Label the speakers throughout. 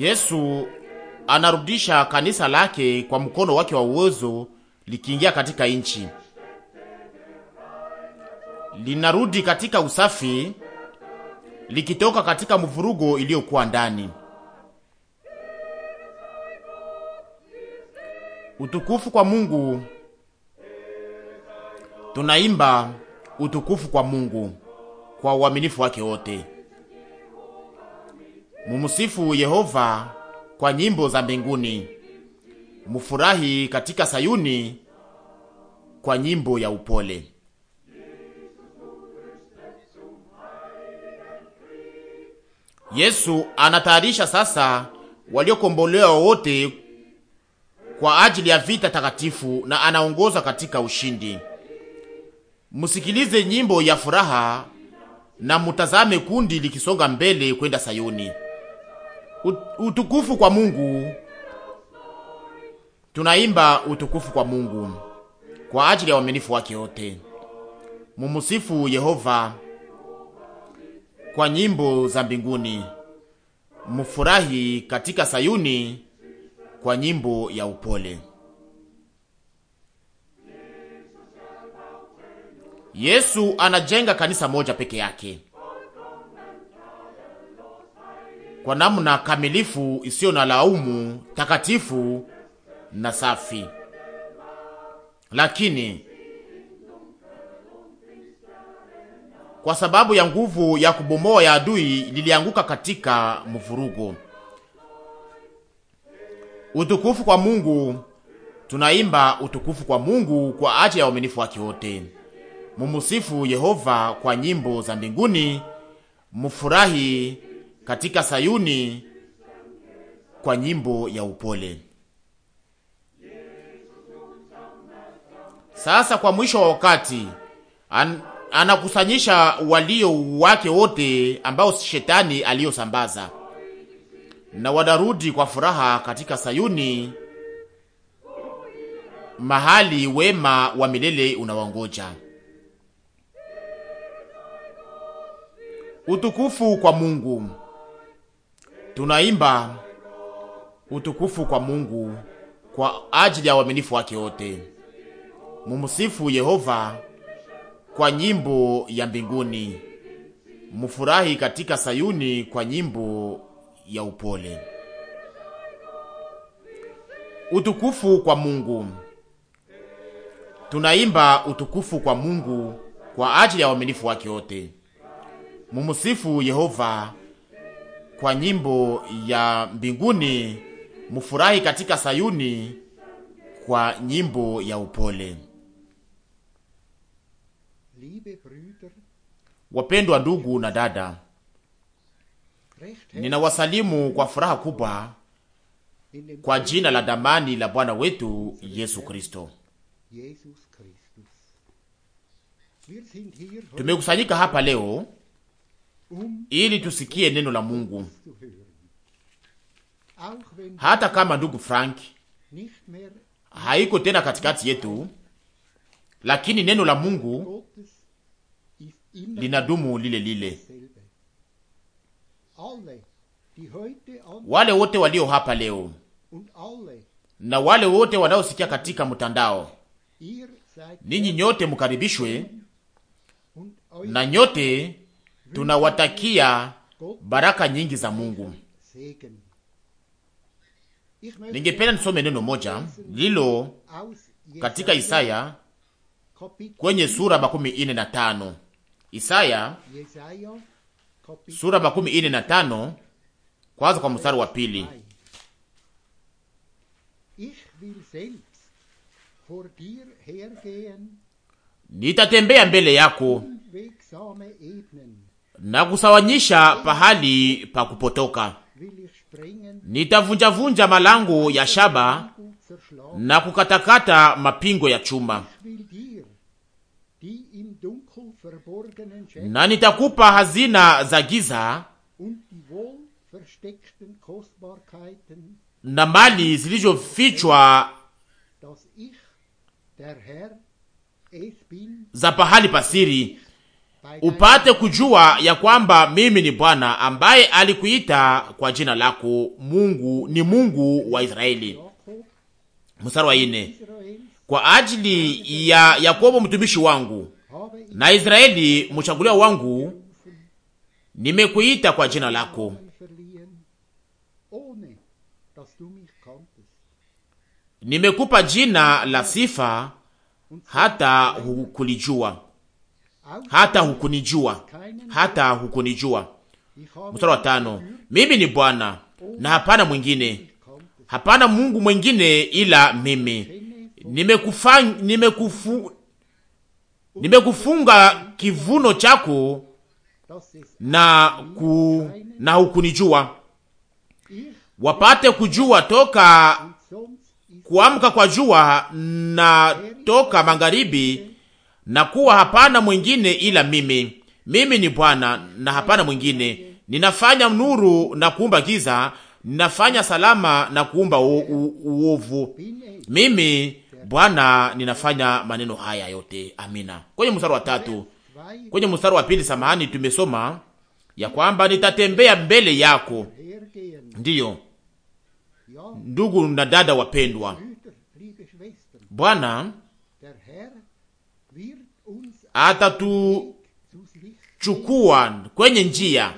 Speaker 1: Yesu anarudisha kanisa lake kwa mkono wake wa uwezo, likiingia katika nchi, linarudi katika usafi, likitoka katika mvurugo iliyokuwa ndani. Utukufu kwa Mungu. Tunaimba utukufu kwa Mungu kwa uaminifu wake wote mumusifu Yehova kwa nyimbo za mbinguni, mufurahi katika Sayuni kwa nyimbo ya upole. Yesu anatayarisha sasa waliokombolewa wote kwa ajili ya vita takatifu na anaongoza katika ushindi. Musikilize nyimbo ya furaha na mutazame kundi likisonga mbele kwenda Sayuni utukufu kwa Mungu. Tunaimba utukufu kwa Mungu kwa ajili ya uaminifu wake wote. Mumusifu Yehova kwa nyimbo za mbinguni, mufurahi katika Sayuni kwa nyimbo ya upole. Yesu anajenga kanisa moja peke yake. kwa namna kamilifu isiyo na laumu, takatifu na safi. Lakini kwa sababu ya nguvu ya kubomoa ya adui, lilianguka katika mvurugo. Utukufu kwa Mungu, tunaimba utukufu kwa Mungu kwa ajili ya uaminifu wake wote. Mumusifu Yehova kwa nyimbo za mbinguni, mufurahi katika Sayuni kwa nyimbo ya upole. Sasa kwa mwisho wa wakati an, anakusanyisha walio wake wote ambao shetani aliyosambaza, na wanarudi kwa furaha katika Sayuni, mahali wema wa milele unawangoja. Utukufu kwa Mungu tunaimba utukufu kwa Mungu kwa ajili ya uaminifu wake wote. Mumsifu Yehova kwa nyimbo ya mbinguni, mufurahi katika Sayuni kwa nyimbo ya upole. Utukufu kwa Mungu, tunaimba utukufu kwa Mungu kwa ajili ya uaminifu wake wote. Mumsifu Yehova kwa nyimbo ya mbinguni, mfurahi katika Sayuni kwa nyimbo ya upole. Wapendwa ndugu na dada, ninawasalimu kwa furaha kubwa kwa jina la damani la Bwana wetu Yesu Kristo. Tumekusanyika hapa leo ili tusikie neno la Mungu,
Speaker 2: hata kama
Speaker 1: ndugu Frank haiko tena katikati yetu, lakini neno la Mungu linadumu lile lile.
Speaker 2: Wale wote walio
Speaker 1: hapa leo na wale wote wanaosikia katika mtandao, ninyi nyote mkaribishwe na nyote tunawatakia baraka nyingi za Mungu. Ningependa nisome neno moja lilo
Speaker 2: katika Isaya
Speaker 1: kwenye sura makumi ine na tano. Isaya sura makumi ine na tano kwanza kwa mstari wa pili. Nitatembea mbele yako na kusawanyisha pahali pa kupotoka. Nitavunjavunja malango ya shaba na kukatakata mapingo ya chuma, na nitakupa hazina za giza na mali zilizofichwa za pahali pasiri, upate kujua ya kwamba mimi ni Bwana ambaye alikuita kwa jina lako, Mungu ni Mungu wa Israeli. Mstari wa ine, kwa ajili ya Yakobo mtumishi wangu na Israeli mchaguliwa wangu, nimekuita kwa jina lako nimekupa jina la sifa hata hukulijua hata hukunijua, hata hukunijua. Mstari wa tano, mimi ni Bwana na hapana mwingine, hapana Mungu mwingine ila mimi. Nimekufanya, nimekufu, nimekufunga kivuno chako na ku, na hukunijua, wapate kujua toka kuamka kwa jua na toka magharibi na kuwa hapana mwingine ila mimi. Mimi ni Bwana na hapana mwingine. Ninafanya nuru na kuumba giza, ninafanya salama na kuumba uovu. Mimi Bwana ninafanya maneno haya yote. Amina. Kwenye mstari wa tatu, kwenye mstari wa pili, samahani, tumesoma ya kwamba nitatembea mbele yako. Ndiyo ndugu na dada wapendwa, Bwana atatuchukua kwenye njia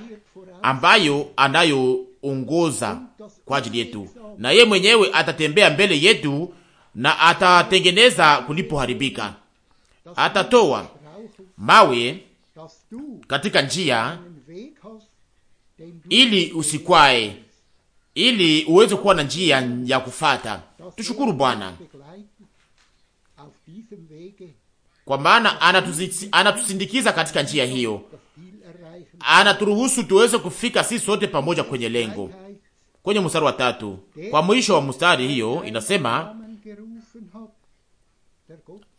Speaker 1: ambayo anayoongoza kwa ajili yetu, na ye mwenyewe atatembea mbele yetu na atatengeneza kulipoharibika, atatoa mawe katika njia ili usikwae, ili uweze kuwa na njia ya kufata. Tushukuru Bwana kwa maana anatusindikiza katika njia hiyo, anaturuhusu tuweze kufika sisi sote pamoja kwenye lengo. Kwenye mstari wa tatu, kwa mwisho wa mstari hiyo inasema,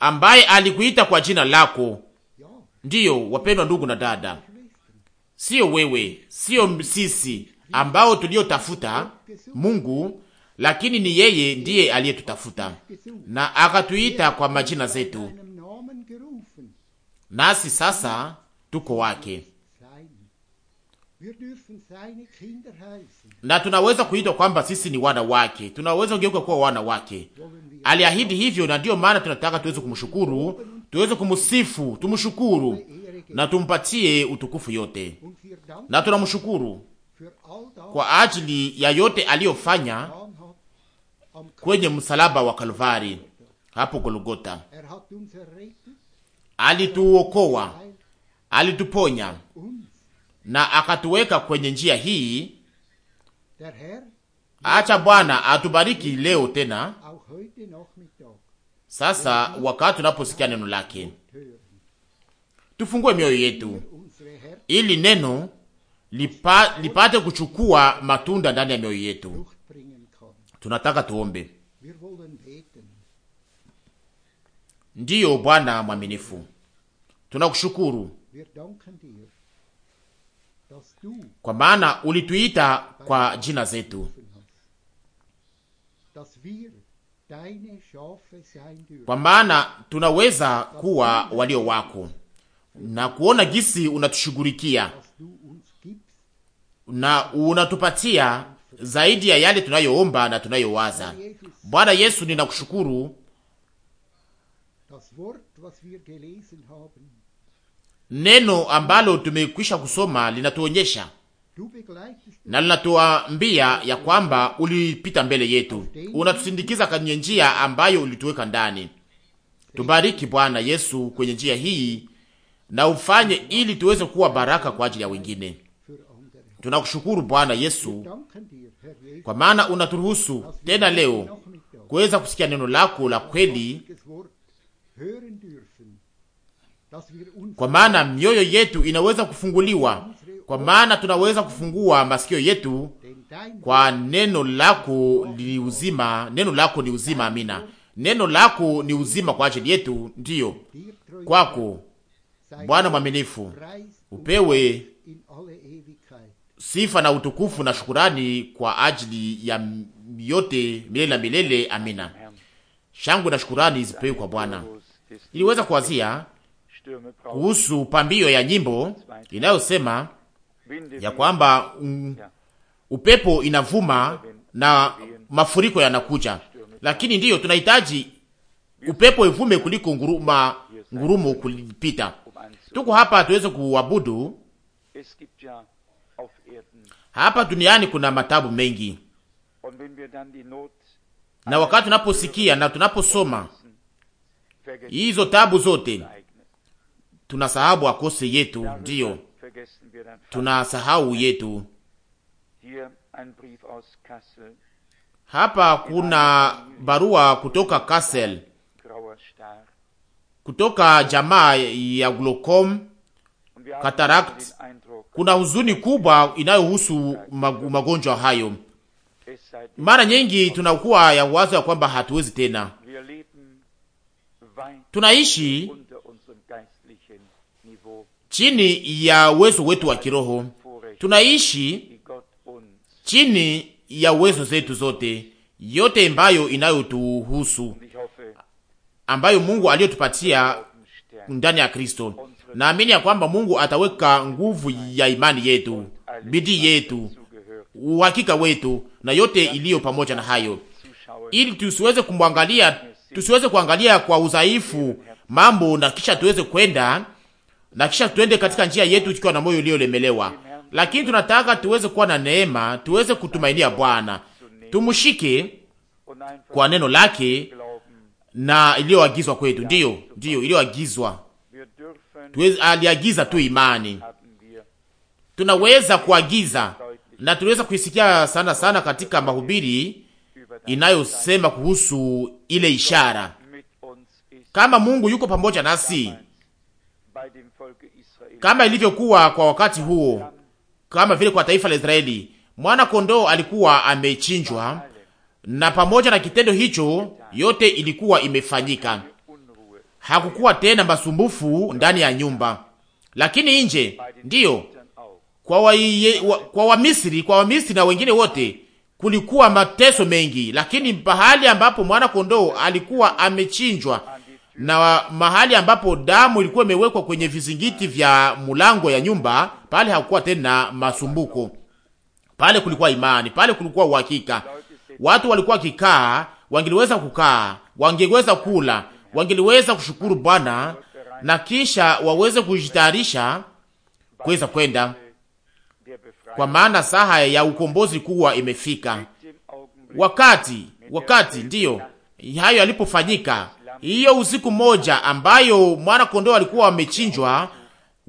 Speaker 1: ambaye alikuita kwa jina lako. Ndiyo wapendwa ndugu na dada, sio wewe, sio sisi ambao tuliotafuta Mungu, lakini ni yeye ndiye aliyetutafuta na akatuita kwa majina zetu nasi sasa tuko wake na tunaweza kuitwa kwamba sisi ni wana wake, tunaweza kugeuka kuwa wana wake. Aliahidi hivyo, na ndiyo maana tunataka tuweze kumshukuru, tuweze kumsifu, tumshukuru na tumpatie utukufu yote, na tunamshukuru kwa ajili ya yote aliyofanya kwenye msalaba wa Kalvari hapo Golgota. Er alituokoa, alituponya na akatuweka kwenye njia hii. Acha Bwana atubariki leo tena, sasa wakati tunaposikia neno lake. Tufungue mioyo yetu ili neno lipa, lipate kuchukua matunda ndani ya mioyo yetu. Tunataka tuombe. Ndiyo Bwana mwaminifu, Tunakushukuru kwa maana ulituita kwa jina zetu, kwa maana tunaweza kuwa walio wako na kuona gisi unatushughulikia na unatupatia zaidi ya yale tunayoomba na tunayowaza. Bwana Yesu, ninakushukuru neno ambalo tumekwisha kusoma linatuonyesha na linatuambia ya kwamba ulipita mbele yetu, unatusindikiza kwenye njia ambayo ulituweka ndani. Tubariki Bwana Yesu kwenye njia hii na ufanye ili tuweze kuwa baraka kwa ajili ya wengine. Tunakushukuru Bwana Yesu, kwa maana unaturuhusu tena leo kuweza kusikia neno lako la kweli kwa maana mioyo yetu inaweza kufunguliwa, kwa maana tunaweza kufungua masikio yetu kwa neno lako ni uzima. Neno lako ni uzima. Amina. Neno lako ni uzima kwa ajili yetu. Ndiyo, kwako Bwana mwaminifu, upewe sifa na utukufu na shukurani kwa ajili ya yote milele na milele. Amina. Shangwe na shukurani zipewe kwa Bwana. Iliweza kuwazia kuhusu pambio ya nyimbo inayosema ya kwamba um, upepo inavuma na mafuriko yanakuja, lakini ndiyo tunahitaji upepo ivume kuliko nguruma, ngurumo kulipita. Tuko hapa tuweze kuabudu hapa duniani. Kuna matabu mengi, na wakati tunaposikia na tunaposoma
Speaker 3: hizo tabu
Speaker 1: zote tunasahabu akose yetu, ndiyo tunasahau yetu. Hapa kuna barua kutoka Kassel, kutoka jamaa ya Glocom
Speaker 4: Katarakt. Kuna
Speaker 1: huzuni kubwa inayohusu magonjwa hayo. Mara nyingi tunakuwa ya wazo ya kwamba hatuwezi tena tunaishi chini ya uwezo wetu wa kiroho, tunaishi chini ya uwezo zetu zote, yote ambayo inayotuhusu, ambayo Mungu aliyotupatia ndani ya Kristo. Naamini ya kwamba Mungu ataweka nguvu ya imani yetu, bidii yetu, uhakika wetu na yote iliyo pamoja na hayo, ili tusiweze kumwangalia, tusiweze kuangalia kwa udhaifu mambo na kisha tuweze kwenda na kisha tuende katika njia yetu tukiwa na moyo uliolemelewa, lakini tunataka tuweze kuwa na neema, tuweze kutumainia Bwana, tumshike kwa neno lake na iliyoagizwa kwetu. Ndiyo, ndiyo, iliyoagizwa aliagiza tu imani. Tunaweza kuagiza na tunaweza kuisikia sana sana katika mahubiri inayosema kuhusu ile ishara, kama Mungu yuko pamoja nasi kama ilivyokuwa kwa wakati huo, kama vile kwa taifa la Israeli mwana kondoo alikuwa amechinjwa, na pamoja na kitendo hicho yote ilikuwa imefanyika. Hakukuwa tena masumbufu ndani ya nyumba, lakini nje ndiyo kwa Wamisri wa, kwa Wamisri kwa na wengine wote kulikuwa mateso mengi, lakini pahali ambapo mwana kondoo alikuwa amechinjwa na mahali ambapo damu ilikuwa imewekwa kwenye vizingiti vya mulango ya nyumba, pale hakukuwa tena masumbuko, pale kulikuwa imani, pale kulikuwa uhakika. Watu walikuwa wakikaa, wangeliweza kukaa, wangeweza kula, wangeliweza kushukuru Bwana na kisha waweze kujitayarisha kuweza kwenda, kwa maana saha ya ukombozi kuwa imefika. Wakati wakati ndiyo hayo yalipofanyika hiyo usiku moja ambayo mwana kondoo alikuwa amechinjwa,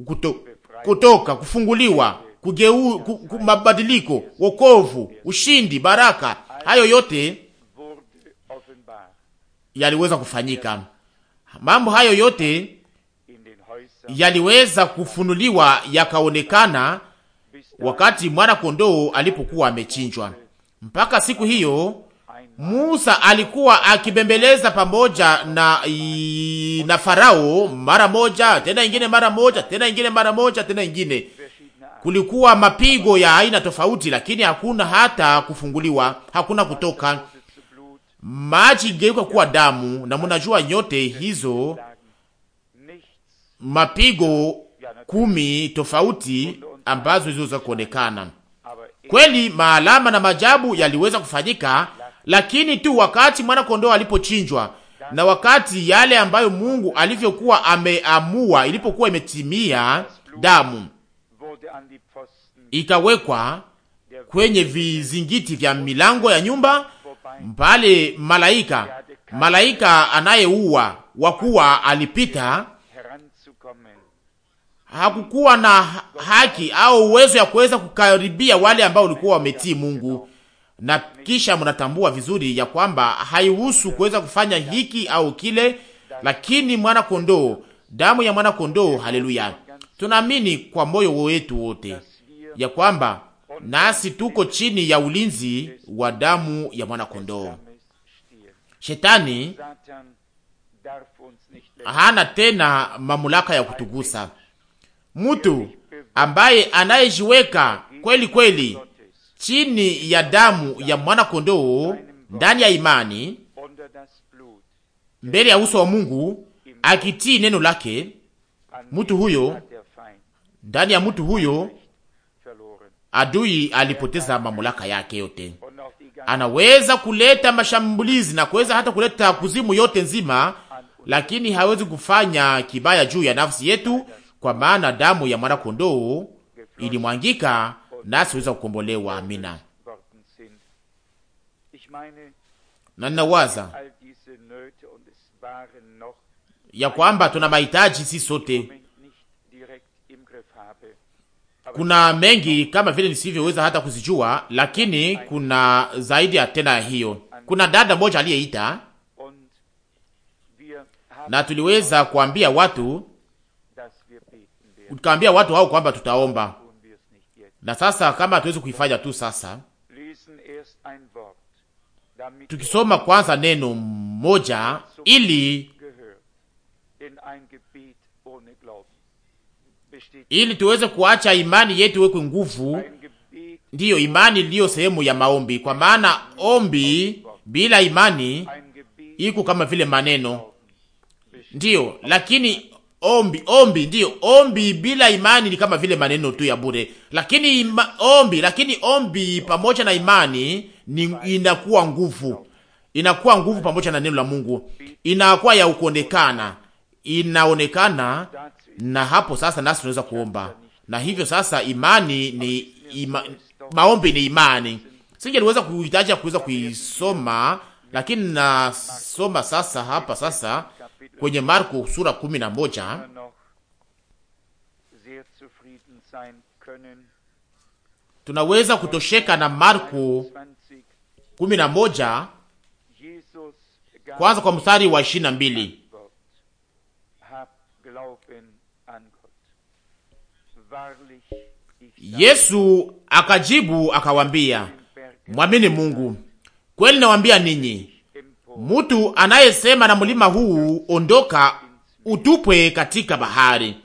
Speaker 1: kuto, kutoka kufunguliwa, kugeu, mabadiliko, wokovu, ushindi, baraka, hayo yote yaliweza kufanyika. Mambo hayo yote yaliweza kufunuliwa, yakaonekana wakati mwana kondoo alipokuwa amechinjwa. Mpaka siku hiyo Musa alikuwa akibembeleza pamoja na, i, na Farao mara moja tena ingine mara moja tena ingine mara moja tena ingine. Kulikuwa mapigo ya aina tofauti, lakini hakuna hata kufunguliwa, hakuna kutoka maji geuka kuwa damu, na mnajua nyote hizo mapigo kumi tofauti ambazo za kuonekana kweli. Maalama na majabu yaliweza kufanyika lakini tu wakati mwana kondoo alipochinjwa na wakati yale ambayo Mungu alivyokuwa ameamua ilipokuwa imetimia, damu ikawekwa kwenye vizingiti vya milango ya nyumba mbali Malaika malaika anayeua wakuwa alipita, hakukuwa na haki au uwezo ya kuweza kukaribia wale ambao walikuwa wametii Mungu na kisha mnatambua vizuri ya kwamba haihusu kuweza kufanya hiki au kile, lakini mwana kondoo, damu ya mwana kondoo. Haleluya! Tunaamini kwa moyo wetu wote ya kwamba nasi tuko chini ya ulinzi wa damu ya mwana kondoo. Shetani hana tena mamlaka ya kutugusa. Mtu ambaye anayejiweka kweli kweli chini ya damu ya mwanakondoo ndani ya imani mbele ya uso wa Mungu akitii neno lake. Mtu huyo ndani ya mtu huyo adui alipoteza mamlaka yake yote. Anaweza kuleta mashambulizi na kuweza hata kuleta kuzimu yote nzima, lakini hawezi kufanya kibaya juu ya nafsi yetu, kwa maana damu ya mwana kondoo ilimwangika nasi weza kukombolewa. Amina. Na ninawaza ya kwamba tuna mahitaji si sote, kuna mengi kama vile nisivyoweza hata kuzijua, lakini kuna zaidi ya tena hiyo. Kuna dada moja aliyeita na tuliweza kuambia watu, tukaambia watu hao kwamba tutaomba na sasa kama hatuwezi kuifanya tu sasa, tukisoma kwanza neno moja ili ili tuweze kuacha imani yetu iwekwe nguvu. Ndiyo, imani iliyo sehemu ya maombi, kwa maana ombi bila imani iko kama vile maneno. Ndiyo, lakini Ombi, ombi ndiyo, ombi bila imani ni kama vile maneno tu ya bure, lakini ima, ombi, lakini ombi pamoja na imani ni inakuwa nguvu, inakuwa nguvu pamoja na neno la Mungu, inakuwa ya kuonekana, inaonekana, na hapo sasa nasi tunaweza kuomba, na hivyo sasa imani ni ima, maombi ni imani. Singeliweza kuhitaji kuweza kuisoma, lakini nasoma sasa hapa sasa
Speaker 3: kwenye Marko sura kumi
Speaker 1: na moja tunaweza kutosheka na Marko kumi na moja
Speaker 3: kwanza kwa mstari wa
Speaker 1: ishirini na mbili Yesu akajibu akawambia, mwamini Mungu. Kweli nawambia ninyi, mtu anayesema na mlima huu, ondoka utupwe katika bahari,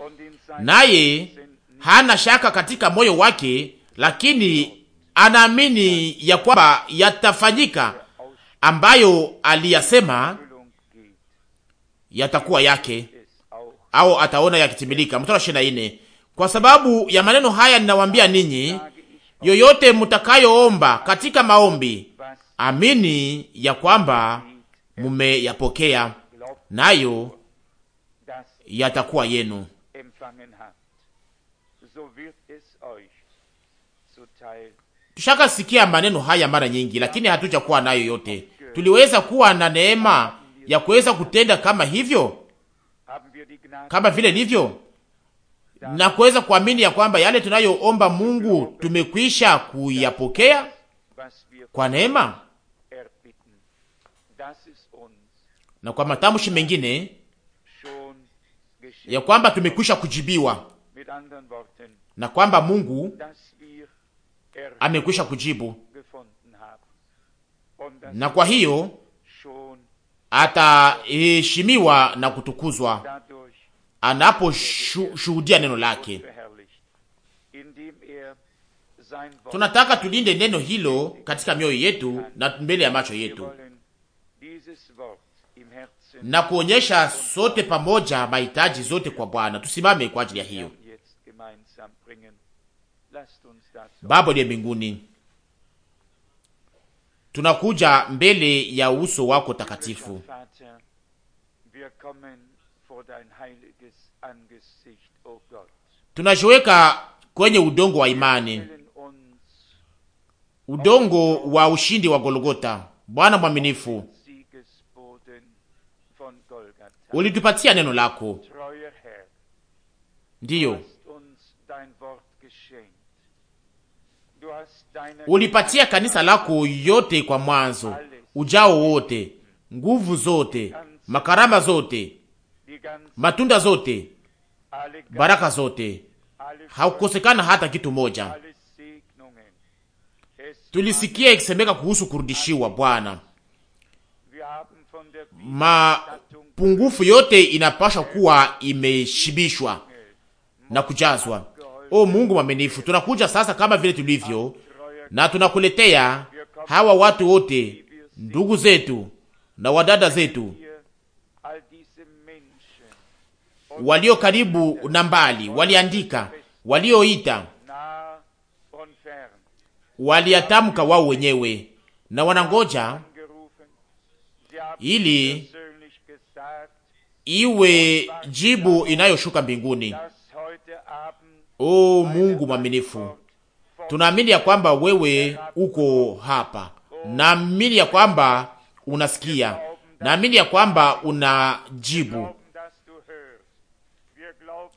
Speaker 1: naye hana shaka katika moyo wake, lakini anaamini ya kwamba yatafanyika ambayo aliyasema yatakuwa yake au ataona yakitimilika. Mstari wa ishirini na nne. Kwa sababu ya maneno haya ninawaambia ninyi, yoyote mtakayoomba katika maombi, amini ya kwamba mumeyapokea nayo
Speaker 3: yatakuwa yenu.
Speaker 1: Tushaka sikia maneno haya mara nyingi, lakini hatujakuwa nayo yote. Tuliweza kuwa na neema ya kuweza kutenda kama hivyo, kama vile nivyo, na kuweza kuamini ya kwamba yale tunayoomba Mungu tumekwisha kuyapokea kwa neema. na kwa matamshi mengine ya kwamba tumekwisha kujibiwa na kwamba Mungu
Speaker 3: amekwisha kujibu,
Speaker 1: na kwa hiyo ataheshimiwa na kutukuzwa anaposhuhudia shu neno lake. Tunataka tulinde neno hilo katika mioyo yetu na mbele ya macho yetu na kuonyesha sote pamoja mahitaji zote kwa Bwana. Tusimame kwa ajili ya hiyo. Baba ya mbinguni, tunakuja mbele ya uso wako takatifu. Tunajiweka kwenye udongo wa imani, udongo wa ushindi wa Golgota. Bwana mwaminifu, ulitupatia neno lako, ndiyo ulipatia kanisa lako yote kwa mwanzo, ujao wote, nguvu zote, makarama zote, matunda zote, baraka zote, haukosekana hata kitu moja. Tulisikia ikisemeka kuhusu kurudishiwa Bwana ma pungufu yote inapasha kuwa imeshibishwa na kujazwa. O Mungu mwaminifu, tunakuja sasa kama vile tulivyo, na tunakuletea hawa watu wote, ndugu zetu na wadada zetu walio karibu na mbali, waliandika, walioita, waliatamka wao wenyewe, na wanangoja ili iwe jibu inayoshuka mbinguni. O Mungu mwaminifu, tunaamini ya kwamba wewe uko hapa, naamini ya kwamba unasikia, naamini ya kwamba unajibu,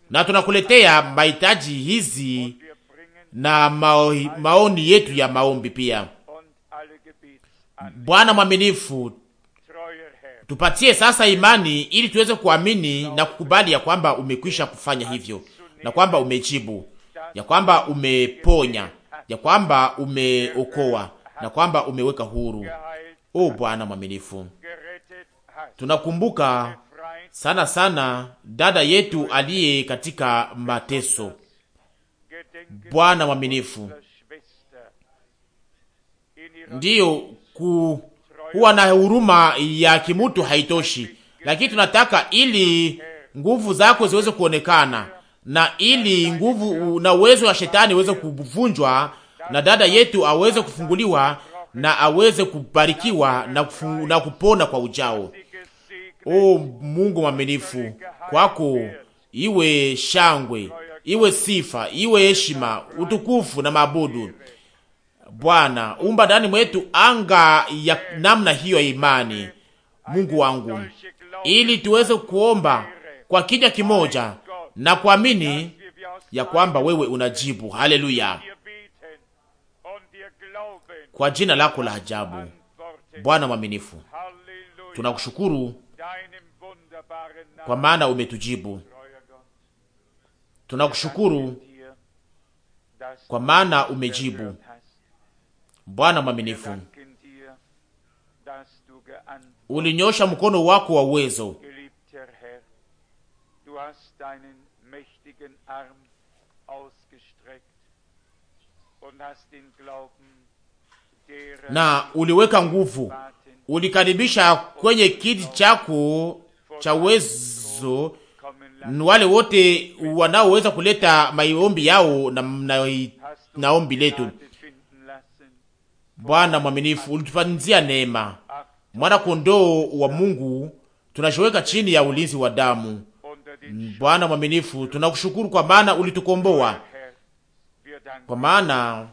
Speaker 1: na tunakuletea mahitaji hizi na maoni yetu ya maombi pia. Bwana mwaminifu, Tupatie sasa imani ili tuweze kuamini na kukubali ya kwamba umekwisha kufanya hivyo, na kwamba umejibu, ya kwamba umeponya, ya kwamba umeokoa, na kwamba umeweka huru. O Bwana mwaminifu, tunakumbuka sana sana dada yetu aliye katika mateso. Bwana mwaminifu, ndiyo ku kuwa na huruma ya kimutu haitoshi, lakini tunataka ili nguvu zako ziweze kuonekana na ili nguvu na uwezo wa shetani uweze kuvunjwa na dada yetu aweze kufunguliwa na aweze kubarikiwa na, na kupona kwa ujao. O Mungu mwaminifu, kwako iwe shangwe, iwe sifa, iwe heshima, utukufu na mabudu Bwana, umba ndani mwetu anga ya namna hiyo ya imani, Mungu wangu, ili tuweze kuomba kwa kinywa kimoja na kuamini ya kwamba wewe unajibu. Haleluya, kwa jina lako la ajabu Bwana mwaminifu, tunakushukuru kwa maana umetujibu. Tunakushukuru kwa maana umejibu. Bwana mwaminifu, ulinyosha mkono wako wa uwezo na uliweka nguvu, ulikaribisha kwenye kiti chako cha uwezo wale wote wanaoweza kuleta maombi yao na, na, na ombi letu. Bwana mwaminifu, ulitupanzia neema, mwana kondoo wa Mungu, tunashoweka chini ya ulinzi wa damu. Bwana mwaminifu, tunakushukuru kwa maana ulitukomboa,
Speaker 3: kwa maana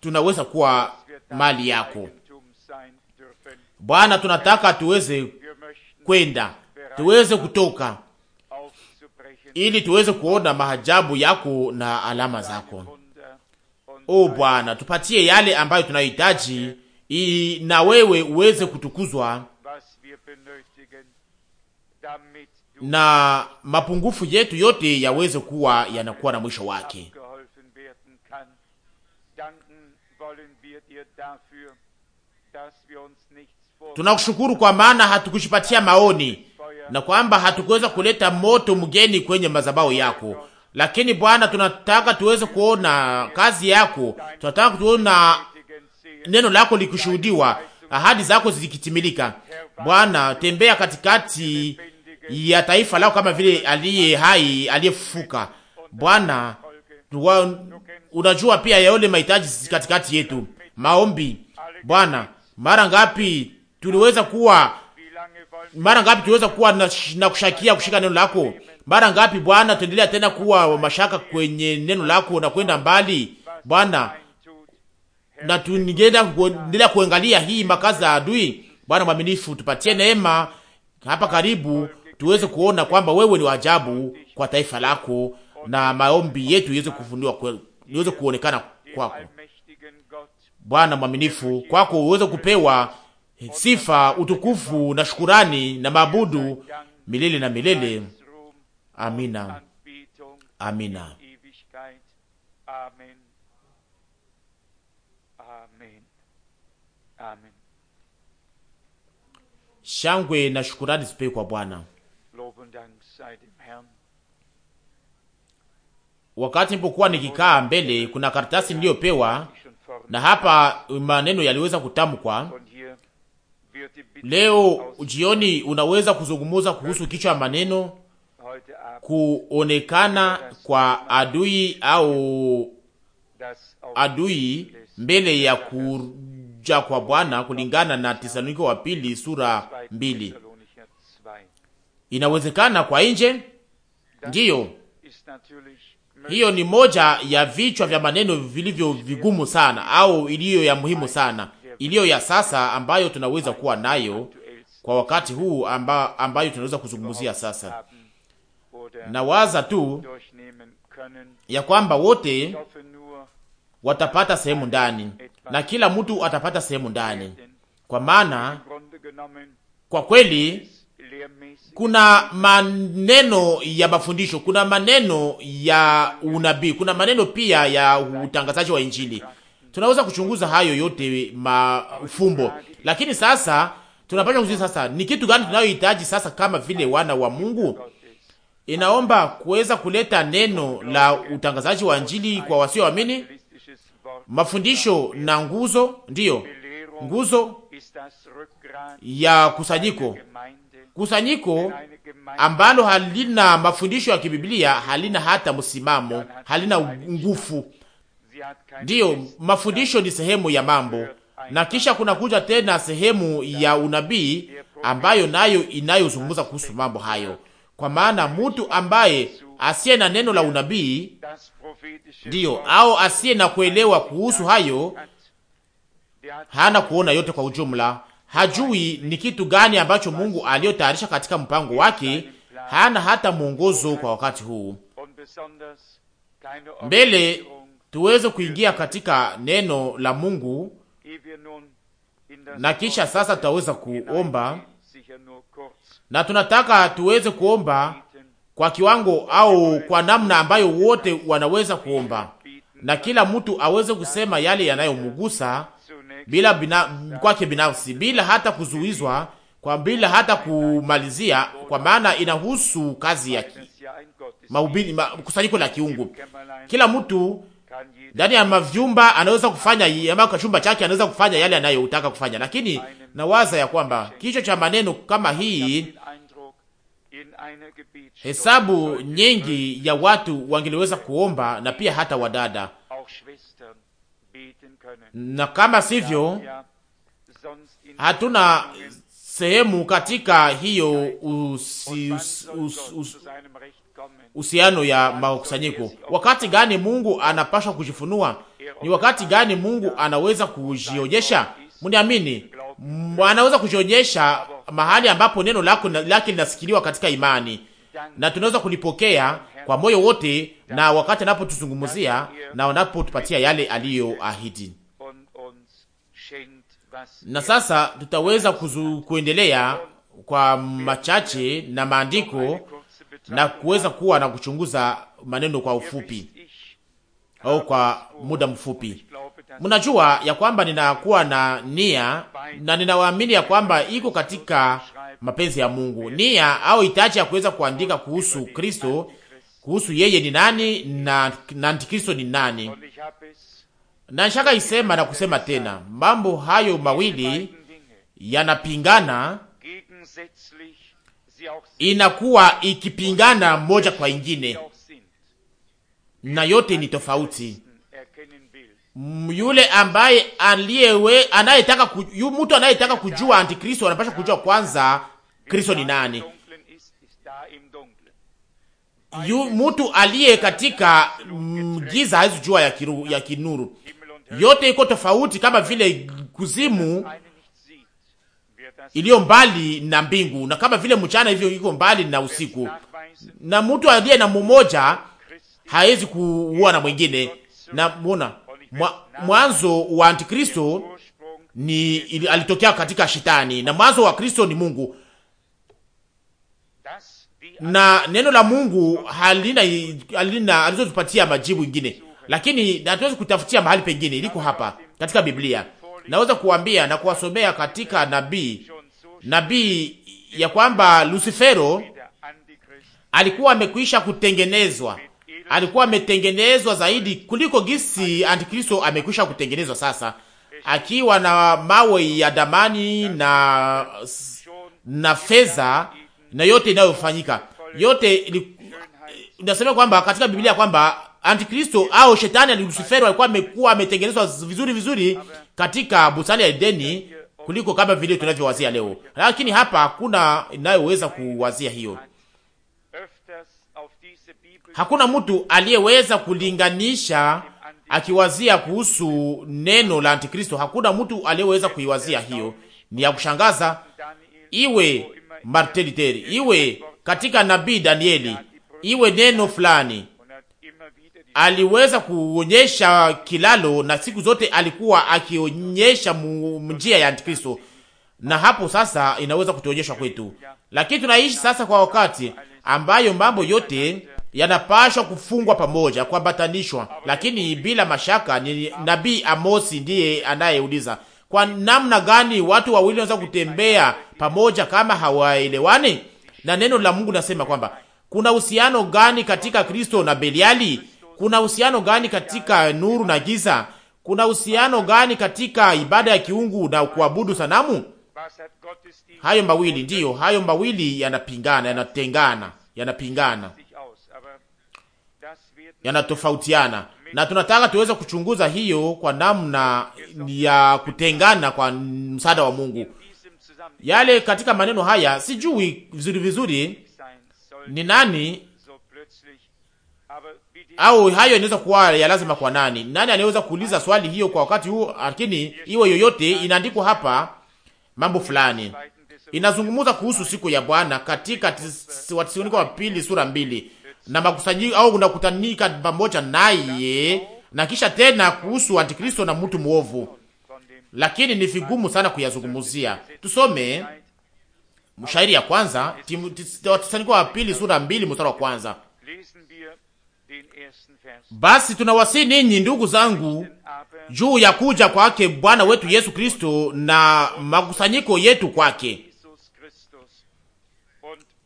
Speaker 1: tunaweza kuwa mali yako Bwana. Tunataka tuweze kwenda, tuweze kutoka, ili tuweze kuona maajabu yako na alama zako. O oh, Bwana, tupatie yale ambayo tunahitaji, na wewe uweze kutukuzwa na mapungufu yetu yote yaweze kuwa yanakuwa na mwisho wake. Tunakushukuru kwa maana hatukushipatia maoni na kwamba hatukuweza kuleta moto mgeni kwenye mazabao yako, lakini Bwana, tunataka tuweze kuona kazi yako, tunataka kuona neno lako likushuhudiwa, ahadi zako zikitimilika. Bwana, tembea katikati ya taifa lao kama vile aliye hai aliyefufuka. Bwana, unajua pia yale mahitaji katikati yetu, maombi Bwana. Mara ngapi tuliweza kuwa, mara ngapi tuliweza kuwa na, na kushakia kushika neno lako mara ngapi Bwana tuendelea tena kuwa mashaka kwenye neno lako na kwenda mbali Bwana, na tuendelea kuangalia hii makazi ya adui. Bwana mwaminifu, tupatie neema hapa karibu, tuweze kuona kwamba wewe ni waajabu kwa taifa lako, na maombi yetu iweze kufunuliwa, iweze kuonekana kwako Bwana mwaminifu. Kwako uweze kupewa sifa, utukufu na shukurani na mabudu milele na milele. Amina, amina.
Speaker 3: Amen. Amen. Amen.
Speaker 1: Shangwe na shukurani zipewe kwa Bwana. Wakati nilipokuwa nikikaa mbele, kuna karatasi niliyopewa na hapa maneno yaliweza kutamkwa. Leo jioni unaweza kuzungumuza kuhusu kichwa maneno kuonekana kwa adui au adui mbele ya kuja kwa Bwana kulingana na tesaloniki wa pili sura mbili. Inawezekana kwa nje, ndiyo. Hiyo ni moja ya vichwa vya maneno vilivyo vigumu sana, au iliyo ya muhimu sana, iliyo ya sasa ambayo tunaweza kuwa nayo kwa wakati huu amba, ambayo tunaweza kuzungumzia sasa na waza tu ya kwamba wote watapata sehemu ndani na kila mtu atapata sehemu ndani, kwa maana kwa kweli kuna maneno ya mafundisho, kuna maneno ya unabii, kuna maneno pia ya utangazaji wa Injili. Tunaweza kuchunguza hayo yote mafumbo, lakini sasa tunapaswa kuzia sasa ni kitu gani tunayohitaji sasa, kama vile wana wa Mungu inaomba kuweza kuleta neno la utangazaji wa Injili kwa wasioamini wa mafundisho na nguzo, ndiyo nguzo ya kusanyiko. Kusanyiko ambalo halina mafundisho ya kibiblia halina hata msimamo, halina nguvu. Ndiyo, mafundisho ni sehemu ya mambo, na kisha kunakuja tena sehemu ya unabii ambayo nayo inayozungumza kuhusu mambo hayo. Kwa maana mtu ambaye asiye na neno la unabii ndiyo, au asiye na kuelewa kuhusu hayo, hana kuona yote kwa ujumla, hajui ni kitu gani ambacho Mungu aliyotayarisha katika mpango wake, hana hata mwongozo kwa wakati huu
Speaker 4: mbele
Speaker 1: tuweze kuingia katika neno la Mungu na kisha sasa tutaweza kuomba na tunataka tuweze kuomba kwa kiwango au kwa namna ambayo wote wanaweza kuomba na kila mtu aweze kusema yale yanayomgusa bila bina, kwake binafsi bila hata kuzuizwa kwa bila hata kumalizia, kwa maana inahusu kazi ya mahubiri ma, kusanyiko la kiungu. Kila mtu ndani ya mavyumba anaweza kufanya ama kwa chumba chake anaweza kufanya yale anayotaka kufanya, lakini nawaza ya kwamba kichwa cha maneno kama hii, hesabu nyingi ya watu wangeliweza kuomba na pia hata wadada,
Speaker 4: na kama sivyo, hatuna
Speaker 1: sehemu katika hiyo usi, us, us, us, uhusiano ya makusanyiko. Wakati gani Mungu anapashwa kujifunua? Ni wakati gani Mungu anaweza kujionyesha? Mniamini, anaweza kujionyesha mahali ambapo neno lako lake linasikiliwa katika imani na tunaweza kulipokea kwa moyo wote, na wakati anapotuzungumzia na wanapotupatia yale aliyoahidi. Na sasa tutaweza kuzu, kuendelea kwa machache na maandiko na kuweza kuwa na kuchunguza maneno kwa ufupi au kwa muda mfupi. Mnajua ya kwamba ninakuwa na nia na ninawaamini ya kwamba iko katika mapenzi ya Mungu, nia au hitaji ya kuweza kuandika kuhusu Kristo, kuhusu yeye ni nani na, na Antikristo ni nani. Na shaka isema na kusema tena, mambo hayo mawili yanapingana inakuwa ikipingana moja kwa ingine, na yote ni tofauti. Yule ambaye aliyewe anayetaka kujua, mtu anayetaka kujua antikristo anapasha kujua kwanza Kristo ni nani. Yu, mtu aliye katika mm, giza hawezi jua ya, ya kinuru. Yote iko tofauti kama vile kuzimu iliyo mbali na mbingu, na kama vile mchana hivyo iko mbali na usiku, na mtu aliye na mmoja hawezi kuua na mwingine. Na muona mwanzo wa Antikristo ni alitokea katika Shetani, na mwanzo wa Kristo ni Mungu, na neno la Mungu halina halina alizozipatia majibu ingine, lakini hatuwezi kutafutia mahali pengine, iliko hapa katika Biblia naweza kuambia na kuwasomea katika nabii nabii ya kwamba Lucifero alikuwa amekwisha kutengenezwa, alikuwa ametengenezwa zaidi kuliko gisi Antikristo amekwisha kutengenezwa sasa, akiwa na mawe ya damani na na fedha na yote inayofanyika yote. Unasema kwamba katika Biblia kwamba Antikristo au shetani ali Lucifero alikuwa amekuwa ametengenezwa vizuri vizuri, katika bustani ya Edeni kuliko kama vile tunavyowazia leo, lakini hapa hakuna inayoweza kuwazia hiyo. Hakuna mtu aliyeweza kulinganisha akiwazia kuhusu neno la Antikristo. Hakuna mtu aliyeweza kuiwazia hiyo. Ni ya kushangaza, iwe Martin Luther, iwe katika nabii Danieli, iwe neno fulani aliweza kuonyesha kilalo na siku zote alikuwa akionyesha njia ya Antikristo, na hapo sasa inaweza kutuonyeshwa kwetu. Lakini tunaishi sasa kwa wakati ambayo mambo yote yanapashwa kufungwa pamoja, kuambatanishwa. Lakini bila mashaka ni nabii Amosi ndiye anayeuliza kwa namna gani watu wawili wanaweza kutembea pamoja kama hawaelewani, na neno la Mungu nasema kwamba kuna uhusiano gani katika Kristo na Beliali kuna uhusiano gani katika nuru na giza? Kuna uhusiano gani katika ibada ya kiungu na kuabudu sanamu? Hayo mawili ndiyo, hayo mawili yanapingana, yanatengana, yanapingana, yanatofautiana, na tunataka tuweze kuchunguza hiyo kwa namna ya kutengana kwa msaada wa Mungu. Yale katika maneno haya, sijui vizuri vizuri ni nani au hayo inaweza kuwa ya lazima kwa nani? Nani anaweza kuuliza swali hiyo kwa wakati huu? Lakini iwe yoyote, inaandikwa hapa mambo fulani, inazungumza kuhusu siku ya Bwana katika Wathesalonike wa pili sura mbili na makusanyiko au unakutanika pamoja naye, na kisha tena kuhusu antikristo na mtu mwovu, lakini ni vigumu sana kuyazungumzia. Tusome mshairi ya kwanza Wathesalonike wa pili sura mbili mstari wa kwanza. Basi tunawasi ninyi ndugu zangu juu ya kuja kwake Bwana wetu Yesu Kristo na makusanyiko yetu kwake.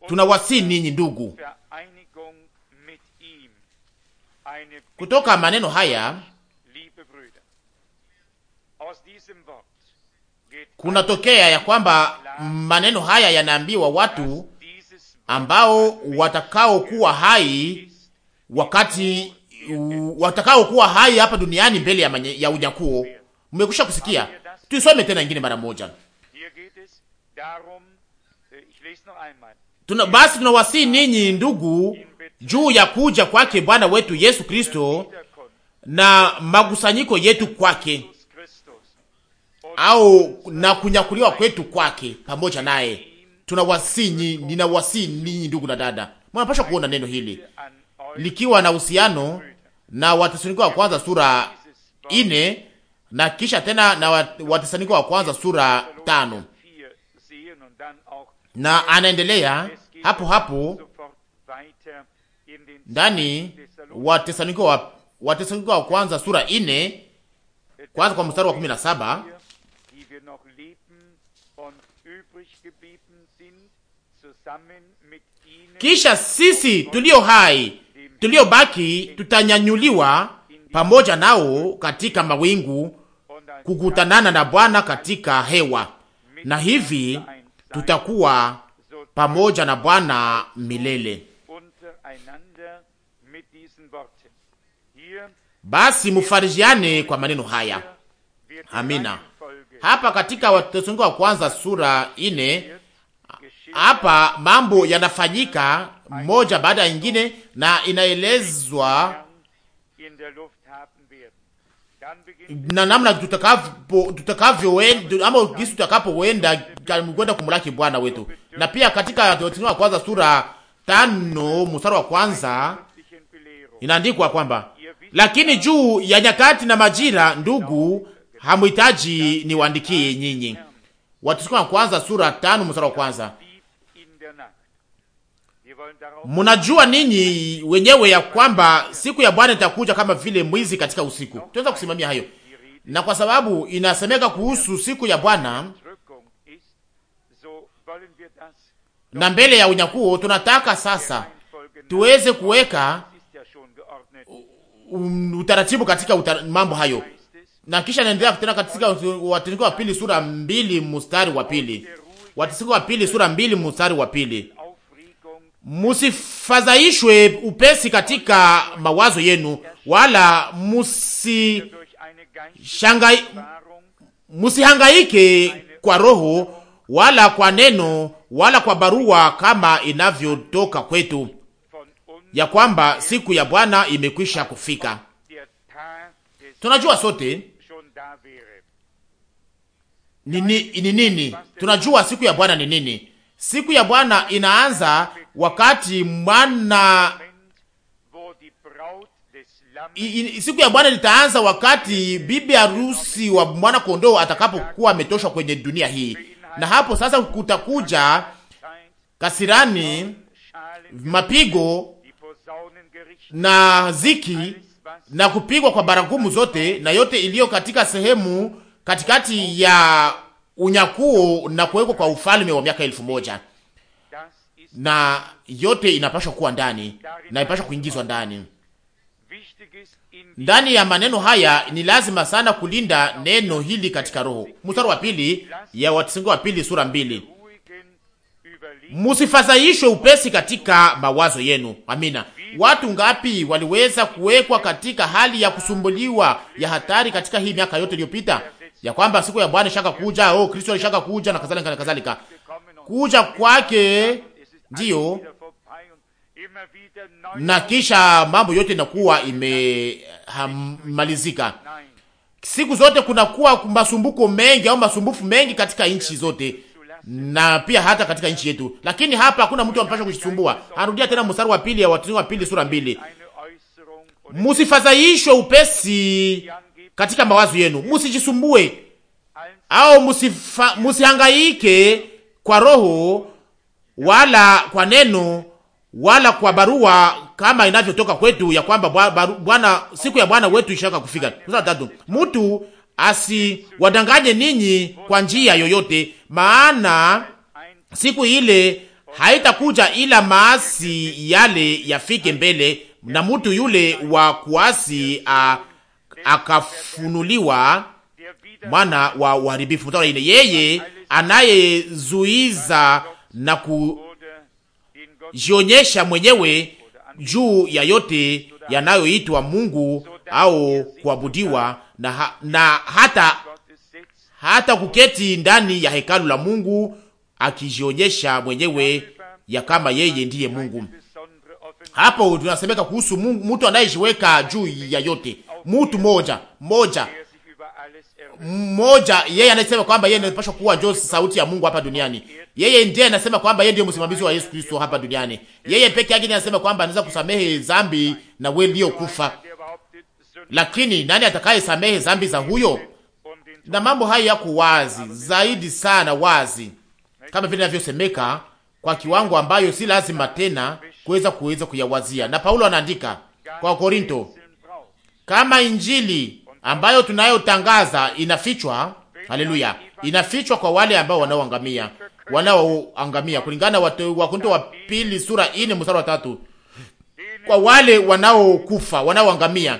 Speaker 3: Tunawasi ninyi ndugu,
Speaker 1: kutoka maneno haya kunatokea ya kwamba maneno haya yanaambiwa watu ambao watakaokuwa hai wakati watakao kuwa hai hapa duniani mbele ya, ya unyakuo. mmekusha kusikia. Tuisome tena ingine mara moja. Äh, Tuna, basi tunawasii ninyi ndugu juu ya kuja kwake Bwana wetu Yesu Kristo na makusanyiko yetu kwake au na kunyakuliwa kwetu kwake pamoja naye. Tunawasii ninyi, ninawasii ninyi ndugu na dada. Mnapaswa kuona neno hili likiwa na uhusiano na watesaloniko wa kwanza sura ine na kisha tena na watesaloniko wa kwanza sura tano na anaendelea hapo hapo ndani Watesalonike wa, Watesalonike wa kwanza sura ine kwanza kwa mstari wa kumi na saba kisha sisi tulio hai tuliobaki tutanyanyuliwa pamoja nao katika mawingu kukutanana na Bwana katika hewa, na hivi tutakuwa pamoja na Bwana milele. Basi mufarijiane kwa maneno haya. Amina. Hapa katika Wathesalonike wa kwanza sura ine hapa mambo yanafanyika moja baada ya nyingine, na inaelezwa na namna tutakavyo tutakavyo ama jinsi tutakapoenda kwenda kumlaki Bwana wetu. Na pia katika Timotheo wa kwanza sura tano mstari wa kwanza inaandikwa kwamba lakini juu ya nyakati na majira, ndugu, hamhitaji niwaandikie nyinyi. Wathesalonike wa kwanza sura tano mstari wa kwanza. Munajua ninyi wenyewe ya kwamba siku ya Bwana itakuja kama vile mwizi katika usiku. Tunaweza kusimamia hayo, na kwa sababu inasemeka kuhusu siku ya Bwana na mbele ya unyakuo, tunataka sasa tuweze kuweka um, utaratibu katika utar mambo hayo, na kisha naendelea tena katika Wathesalonike wa pili sura mbili mstari wa pili, Wathesalonike wa pili sura mbili mstari wa pili musifadhaishwe upesi katika mawazo yenu, wala musihangaike kwa roho wala kwa neno wala kwa barua kama inavyotoka kwetu, ya kwamba siku ya Bwana imekwisha kufika. Tunajua sote ni nini, tunajua siku ya Bwana ni nini Siku ya Bwana inaanza wakati mwana I, siku ya Bwana litaanza wakati bibi harusi wa mwana kondoo atakapokuwa ametoshwa kwenye dunia hii, na hapo sasa kutakuja kasirani, mapigo na ziki na kupigwa kwa baragumu zote na yote iliyo katika sehemu katikati ya unyakuo na kuwekwa kwa ufalme wa miaka elfu moja na yote inapashwa kuwa ndani na inapashwa kuingizwa ndani. Ndani ya maneno haya ni lazima sana kulinda neno hili katika roho. Mstari wa pili ya Wathesalonike wa pili sura mbili, musifadhaishwe upesi katika mawazo yenu. Amina. Watu ngapi waliweza kuwekwa katika hali ya kusumbuliwa ya hatari katika hii miaka yote iliyopita? ya kwamba siku ya Bwana ishaka kuja, oh Kristo ishaka kuja na kadhalika na kadhalika. Kuja kwake ndiyo, na kisha mambo yote inakuwa imemalizika. Siku zote kunakuwa masumbuko mengi au masumbufu mengi katika nchi zote na pia hata katika nchi yetu, lakini hapa hakuna mtu ampasha kujisumbua. Anarudia tena mstari wa pili ya Wathesalonike wa pili sura mbili: msifadhaishwe upesi katika mawazo yenu, musijisumbue au musifa, musihangaike kwa roho wala kwa neno wala kwa barua kama inavyotoka kwetu ya kwamba Bwana siku ya Bwana wetu ishaka kufika. Tatu, mtu asiwadanganye ninyi kwa njia yoyote, maana siku ile haitakuja ila maasi yale yafike mbele, na mtu yule wa kuasi a ah, akafunuliwa mwana wa uharibifu. Mstari wa yeye anayezuiza na kujionyesha mwenyewe juu ya yote yanayoitwa Mungu au kuabudiwa na, ha, na hata hata kuketi ndani ya hekalu la Mungu akijionyesha mwenyewe ya kama yeye ndiye Mungu. Hapo tunasemeka kuhusu Mungu, mtu anayejiweka juu ya yote mtu moja moja mmoja yeye anasema kwamba yeye anapaswa kuwa ndio sauti ya Mungu hapa duniani. Yeye ndiye anasema kwamba yeye ndiye msimamizi wa Yesu Kristo hapa duniani. Yeye peke yake ndiye anasema kwamba anaweza kusamehe dhambi na wewe ndio kufa. Lakini nani atakaye samehe dhambi za huyo? Na mambo haya yako wazi zaidi sana wazi, kama vile ninavyosemeka kwa kiwango ambayo si lazima tena kuweza kuweza kuyawazia. Na Paulo anaandika kwa Korinto kama injili ambayo tunayotangaza inafichwa, haleluya, inafichwa kwa wale ambao wanaoangamia, wanaoangamia kulingana Wakorintho wa pili sura 4 mstari wa tatu, kwa wale wanaokufa, wanaoangamia.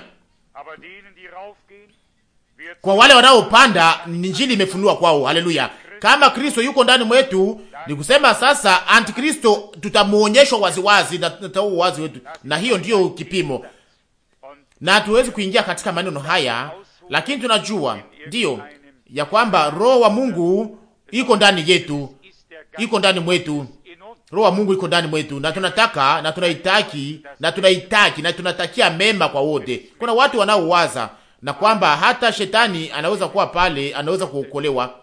Speaker 1: Kwa wale wanaopanda injili imefunua kwao, haleluya. Kama Kristo yuko ndani mwetu, ni kusema sasa Antikristo tutamuonyeshwa waziwazi na tutao wazi wetu, na hiyo ndiyo kipimo na hatuwezi kuingia katika maneno haya, lakini tunajua ndiyo ya kwamba roho wa Mungu iko ndani yetu, iko ndani mwetu. Roho wa Mungu iko ndani mwetu, na tunataka na tunaitaki na tunaitaki na tunatakia mema kwa wote. Kuna watu wanaowaza na kwamba hata shetani anaweza kuwa pale, anaweza kuokolewa,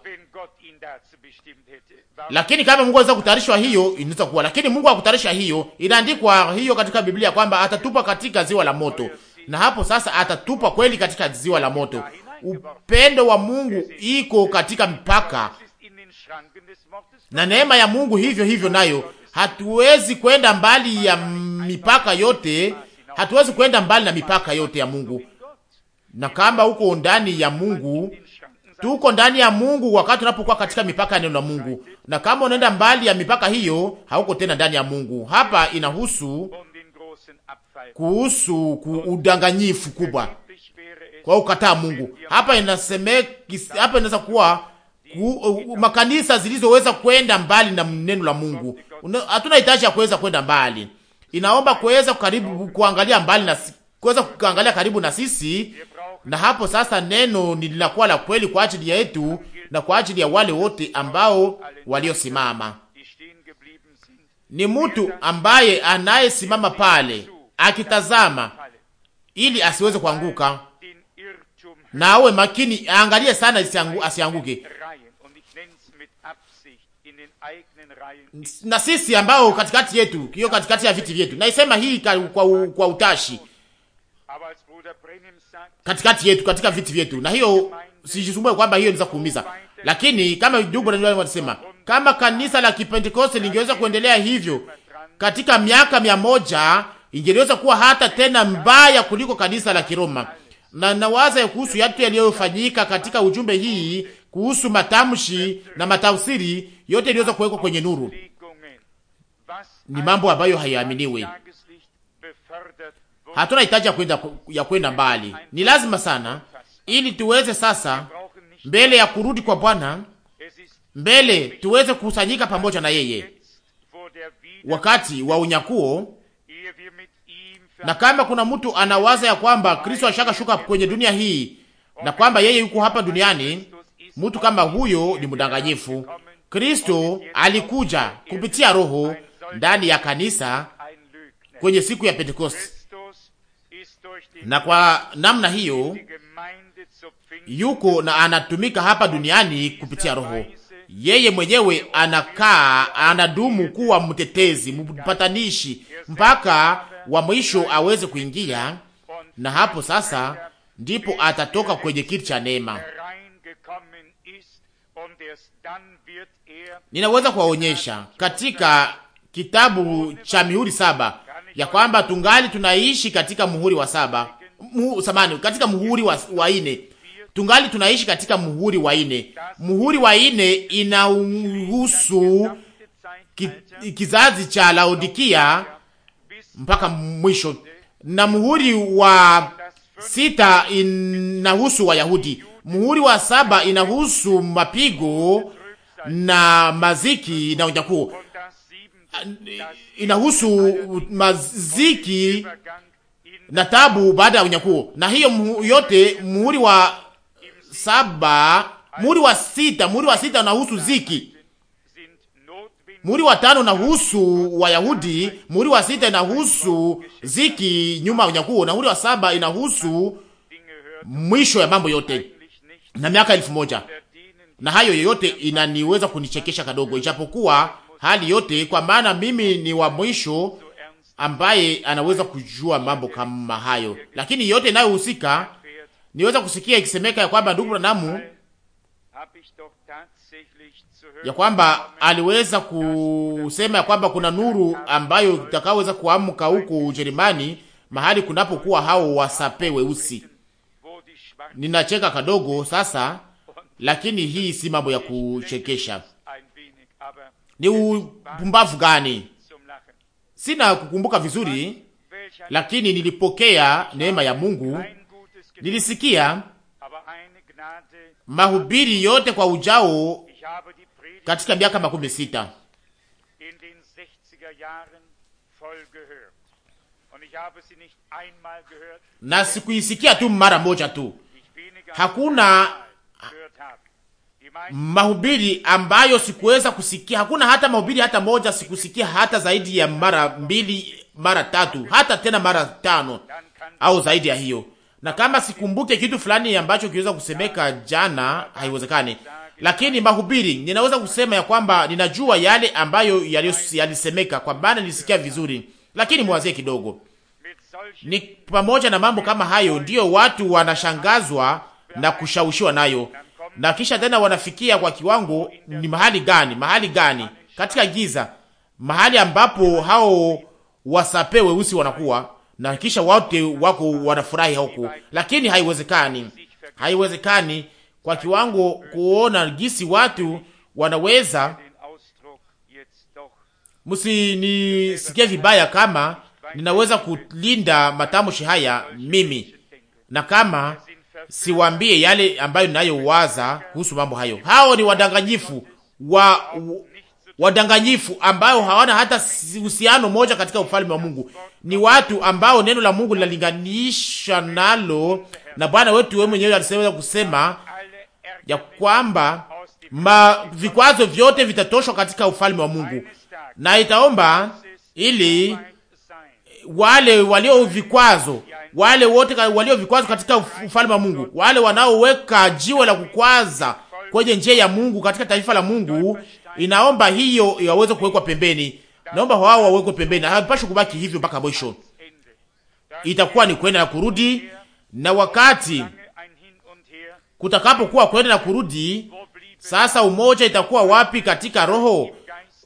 Speaker 1: lakini kama Mungu anaweza kutayarishwa hiyo inaweza kuwa, lakini Mungu akutayarisha hiyo. Inaandikwa hiyo katika Biblia kwamba atatupa katika ziwa la moto na hapo sasa atatupa kweli katika ziwa la moto. Upendo wa Mungu iko katika mipaka na neema ya Mungu hivyo hivyo nayo. Hatuwezi kwenda mbali ya mipaka yote, hatuwezi kwenda mbali na mipaka yote ya Mungu. Na kama uko ndani ya Mungu, tuko ndani ya Mungu wakati tunapokuwa katika mipaka ya neno la Mungu, na kama unaenda mbali ya mipaka hiyo, hauko tena ndani ya Mungu. Hapa inahusu kuhusu udanganyifu kubwa kwa ukataa Mungu. Hapa inasemeka, hapa inaweza kuwa ku, makanisa zilizoweza kwenda mbali na neno la Mungu. Hatuna hitaji ya kuweza kwenda mbali, inaomba kuweza karibu kuangalia mbali na kuweza kuangalia karibu na sisi, na hapo sasa neno linakuwa la kweli kwa ajili yetu na kwa ajili ya wale wote ambao waliosimama ni mtu ambaye anayesimama pale akitazama ili asiweze kuanguka, na awe makini, aangalie sana asianguke. Na sisi ambao katikati yetu hiyo, katikati ya viti vyetu, naisema hii kwa, kwa utashi katikati yetu, katika viti vyetu, na hiyo sijisumbue kwamba hiyo niza kuumiza, lakini kama ndugu wanasema kama kanisa la Kipentekoste lingeweza kuendelea hivyo katika miaka mia moja, ingeweza kuwa hata tena mbaya kuliko kanisa la Kiroma. Na nawaza ya kuhusu yatu yaliyofanyika katika ujumbe hii kuhusu matamshi na matafsiri yote iliweza kuwekwa kwenye nuru. Ni mambo ambayo hayaaminiwi. Hatuna hitaji ya kwenda ya kwenda mbali, ni lazima sana ili tuweze sasa mbele ya kurudi kwa Bwana mbele tuweze kukusanyika pamoja na yeye wakati wa unyakuo. Na kama kuna mtu anawaza ya kwamba Kristo ashakashuka kwenye dunia hii na kwamba yeye yuko hapa duniani, mtu kama huyo ni mdanganyifu. Kristo alikuja kupitia Roho ndani ya kanisa kwenye siku ya pentekosti na kwa namna hiyo yuko na anatumika hapa duniani kupitia Roho yeye mwenyewe anakaa anadumu kuwa mtetezi, mpatanishi mpaka wa mwisho aweze kuingia, na hapo sasa ndipo atatoka kwenye kiti cha neema. Ninaweza kuwaonyesha katika kitabu cha mihuri saba ya kwamba tungali tunaishi katika muhuri wa saba mu, samani katika muhuri wa, wa ine Tungali tunaishi katika muhuri wa ine. Muhuri wa ine inahusu ki, kizazi cha Laodikia mpaka mwisho, na muhuri wa sita inahusu Wayahudi. Muhuri wa saba inahusu mapigo na maziki na unyakuo, inahusu maziki na tabu baada ya unyakuo, na hiyo yote muhuri wa saba, muri wa sita, muri wa sita unahusu ziki, muri wa tano unahusu Wayahudi, muri wa sita inahusu ziki nyuma ya nyakuo, na muri wa saba inahusu mwisho ya mambo yote na miaka elfu moja na hayo yoyote inaniweza kunichekesha kadogo, ijapokuwa hali yote, kwa maana mimi ni wa mwisho ambaye anaweza kujua mambo kama hayo, lakini yote inayohusika niweza kusikia ikisemeka ya kwamba ndugu Branham ya kwamba er aliweza kusema ya kwamba kuna nuru ambayo itakaweza kuamka huko Ujerumani, mahali kunapokuwa hao wasape weusi. Ninacheka kadogo sasa, lakini hii si mambo ya kuchekesha. Ni upumbavu gani? Sina kukumbuka vizuri, lakini nilipokea neema ya Mungu Nilisikia mahubiri yote kwa ujao katika miaka makumi sita na sikuisikia tu mara moja tu. Hakuna mahubiri ambayo sikuweza kusikia, hakuna hata mahubiri hata moja sikusikia, hata zaidi ya mara mbili, mara tatu, hata tena mara tano au zaidi ya hiyo na kama sikumbuke kitu fulani ambacho kiweza kusemeka jana, haiwezekani. Lakini mahubiri, ninaweza kusema ya kwamba ninajua yale ambayo yalisemeka, kwa maana nilisikia vizuri, lakini mwazie kidogo. Ni pamoja na mambo kama hayo ndiyo watu wanashangazwa na kushawishiwa nayo, na kisha tena wanafikia kwa kiwango. Ni mahali gani? Mahali gani? Katika giza, mahali ambapo hao wasapee weusi wanakuwa na kisha wote wako wanafurahi huko, lakini haiwezekani, haiwezekani kwa kiwango kuona gisi watu wanaweza. Msinisikie vibaya kama ninaweza kulinda matamshi haya mimi, na kama siwaambie yale ambayo ninayowaza kuhusu mambo hayo. Hao ni wadanganyifu wa wadanganyifu ambao hawana hata uhusiano moja katika ufalme wa Mungu. Ni watu ambao neno la Mungu linalinganisha nalo, na Bwana wetu wewe mwenyewe alisema kusema ya kwamba ma vikwazo vyote vitatoshwa katika ufalme wa Mungu, na itaomba ili wale walio vikwazo wale wote walio vikwazo katika ufalme wa Mungu, wale wanaoweka jiwe la kukwaza kwenye njia ya Mungu katika taifa la Mungu inaomba hiyo yaweze kuwekwa pembeni, naomba wao wawekwe pembeni, hapashi kubaki hivyo mpaka mwisho. Itakuwa ni kwenda na kurudi, na wakati kutakapokuwa kwenda na kurudi, sasa umoja itakuwa wapi katika roho?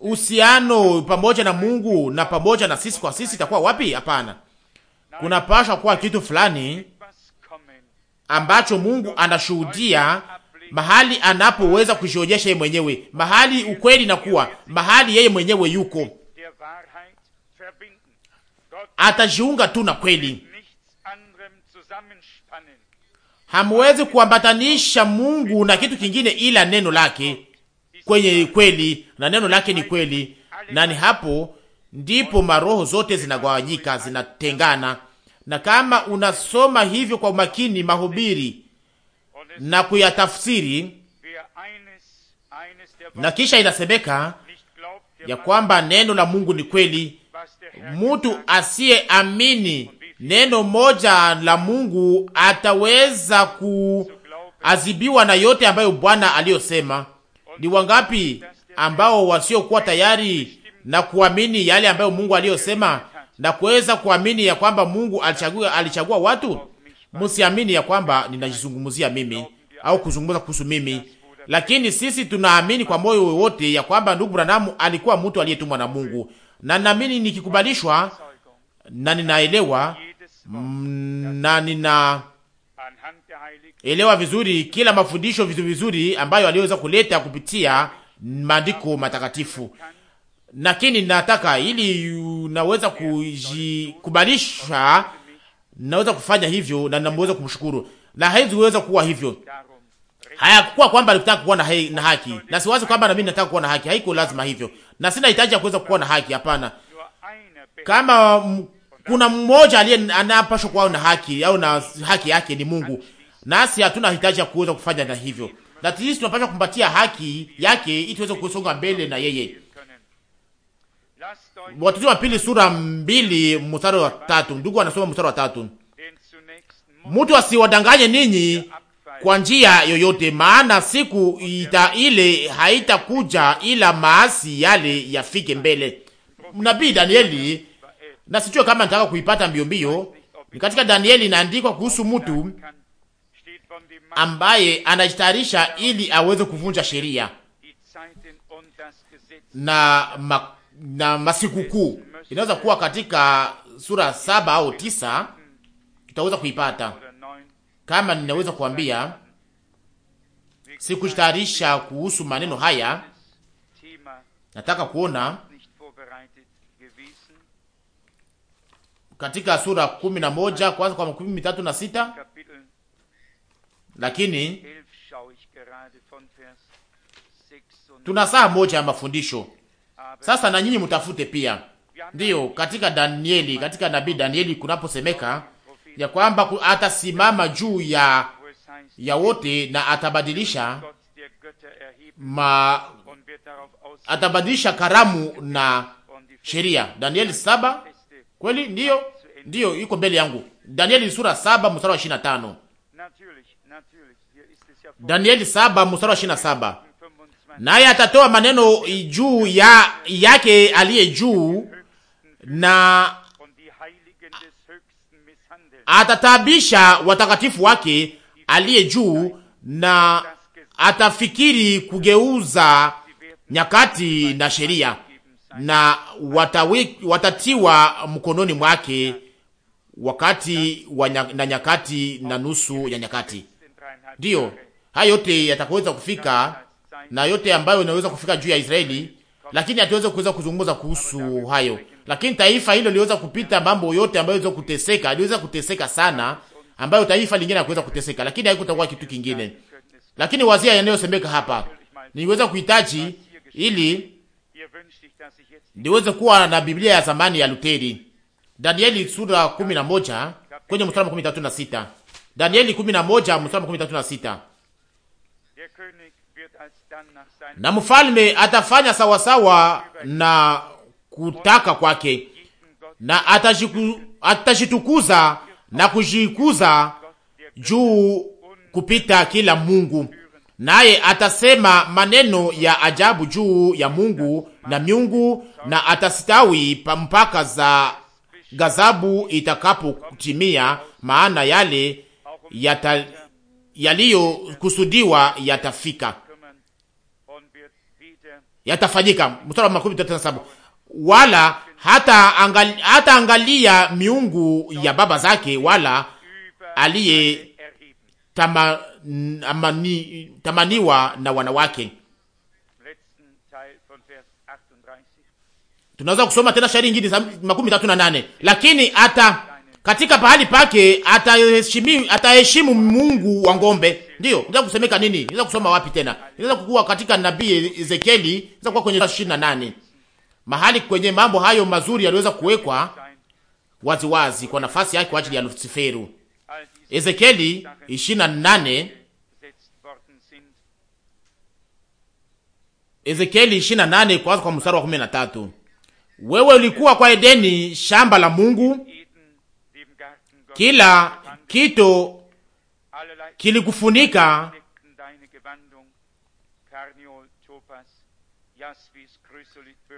Speaker 1: Uhusiano pamoja na Mungu na pamoja na sisi kwa sisi itakuwa wapi? Hapana, kunapasha kuwa kitu fulani ambacho Mungu anashuhudia mahali anapoweza kujionyesha yeye mwenyewe, mahali ukweli nakuwa, mahali yeye mwenyewe yuko, atajiunga tu na kweli. Hamwezi kuambatanisha Mungu na kitu kingine ila neno lake kwenye kweli, na neno lake ni kweli, na ni hapo ndipo maroho zote zinagawanyika, zinatengana. Na kama unasoma hivyo kwa umakini mahubiri na kuyatafsiri, na kisha inasemeka ya kwamba neno la Mungu ni kweli. Mtu asiyeamini neno moja la Mungu ataweza kuazibiwa na yote ambayo Bwana aliyosema. Ni wangapi ambao wasiokuwa tayari na kuamini yale ambayo Mungu aliyosema na kuweza kuamini ya kwamba Mungu alichagua, alichagua watu Msiamini ya kwamba ninajizungumzia mimi au kuzungumza kuhusu mimi, lakini sisi tunaamini kwa moyo wote ya kwamba ndugu Branham alikuwa mtu aliyetumwa na Mungu, na naamini nikikubalishwa, na ninaelewa mm, na nina elewa vizuri kila mafundisho vizuri vizuri ambayo aliweza kuleta kupitia maandiko matakatifu. Lakini nataka ili unaweza kujikubalisha naweza kufanya hivyo na namweza kumshukuru, na haiziweza kuwa hivyo. Hayakuwa kwamba alitaka kuwa na, hai, na haki, na siwazi kwamba na mimi nataka kuwa na haki. Haiko lazima hivyo, na sina hitaji ya kuweza kuwa na haki. Hapana, kama m, kuna mmoja aliye anapaswa kuwa na haki au na haki yake ni Mungu, nasi hatuna hitaji ya kuweza kufanya na hivyo, na sisi tunapaswa kumpatia haki yake ili tuweze kusonga mbele na yeye. Watoto wa pili sura mbili mstari wa tatu. Ndugu anasoma mstari wa tatu, mtu asiwadanganye ninyi kwa njia yoyote, maana siku ita ile haitakuja ila maasi yale yafike mbele. Nabii Danieli, na sijue kama nitaka kuipata mbio mbio, ni katika Danieli inaandikwa kuhusu mtu ambaye anajitayarisha ili aweze kuvunja sheria na na masikukuu. Inaweza kuwa katika sura saba au tisa tutaweza kuipata. Kama ninaweza kuambia, sikujitayarisha kuhusu maneno haya, nataka kuona katika sura kumi na moja kwanza kwa makumi mitatu na sita lakini tuna saa moja ya mafundisho sasa na nyinyi mtafute pia, ndiyo katika Danieli, katika nabii Danieli kunaposemeka ya kwamba atasimama juu ya ya wote na atabadilisha ma, atabadilisha karamu na sheria. Danieli saba, kweli ndiyo, ndiyo iko mbele yangu. Danieli sura saba mstari wa ishirini na tano Danieli saba mstari wa ishirini na saba naye atatoa maneno juu ya yake aliye juu, na atatabisha watakatifu wake aliye juu, na atafikiri kugeuza nyakati na sheria, na watawi, watatiwa mkononi mwake wakati wa na nyakati na nusu ya nyakati. Ndiyo, hayo yote yatakuweza kufika na yote ambayo inaweza kufika juu ya Israeli, lakini hatuweze kuweza kuzungumza kuhusu hayo. Lakini taifa hilo liweza kupita mambo yote ambayo iliweza kuteseka, iliweza kuteseka sana, ambayo taifa lingine hakuweza kuteseka, lakini haikutakuwa kitu kingine. Lakini wazia yanayosemeka hapa niweza kuhitaji ili niweze kuwa na Biblia ya zamani ya Luteri, Danieli sura 11 kwenye mstari wa 13 na 6. Danieli 11 mstari wa 13 na 6 na mfalme atafanya sawasawa na kutaka kwake, na atajiku, atajitukuza na kujikuza juu kupita kila Mungu, naye atasema maneno ya ajabu juu ya Mungu na miungu, na atastawi mpaka za gazabu itakapotimia, maana yale yaliyokusudiwa yatafika yatafanyika. Mstari wa makumi tatu na saba wala hata angali, hata angalia miungu ya baba zake wala aliye tama, amani, tamaniwa na wanawake. Tunaweza kusoma tena shairi ingine makumi tatu na nane lakini hata katika pahali pake ataheshimu, ataheshimu Mungu wa ng'ombe. Ndio inaweza kusemeka nini? Inaweza kusoma wapi tena? Inaweza kukua katika nabii Ezekieli, inaweza kuwa kwenye 28 mahali kwenye mambo hayo mazuri yaliweza kuwekwa waziwazi kwa nafasi yake kwa ajili ya Lusiferu. Ezekieli 28, Ezekieli 28 kuanza kwa mstari wa 13. Wewe ulikuwa kwa Edeni shamba la Mungu, kila kitu kilikufunika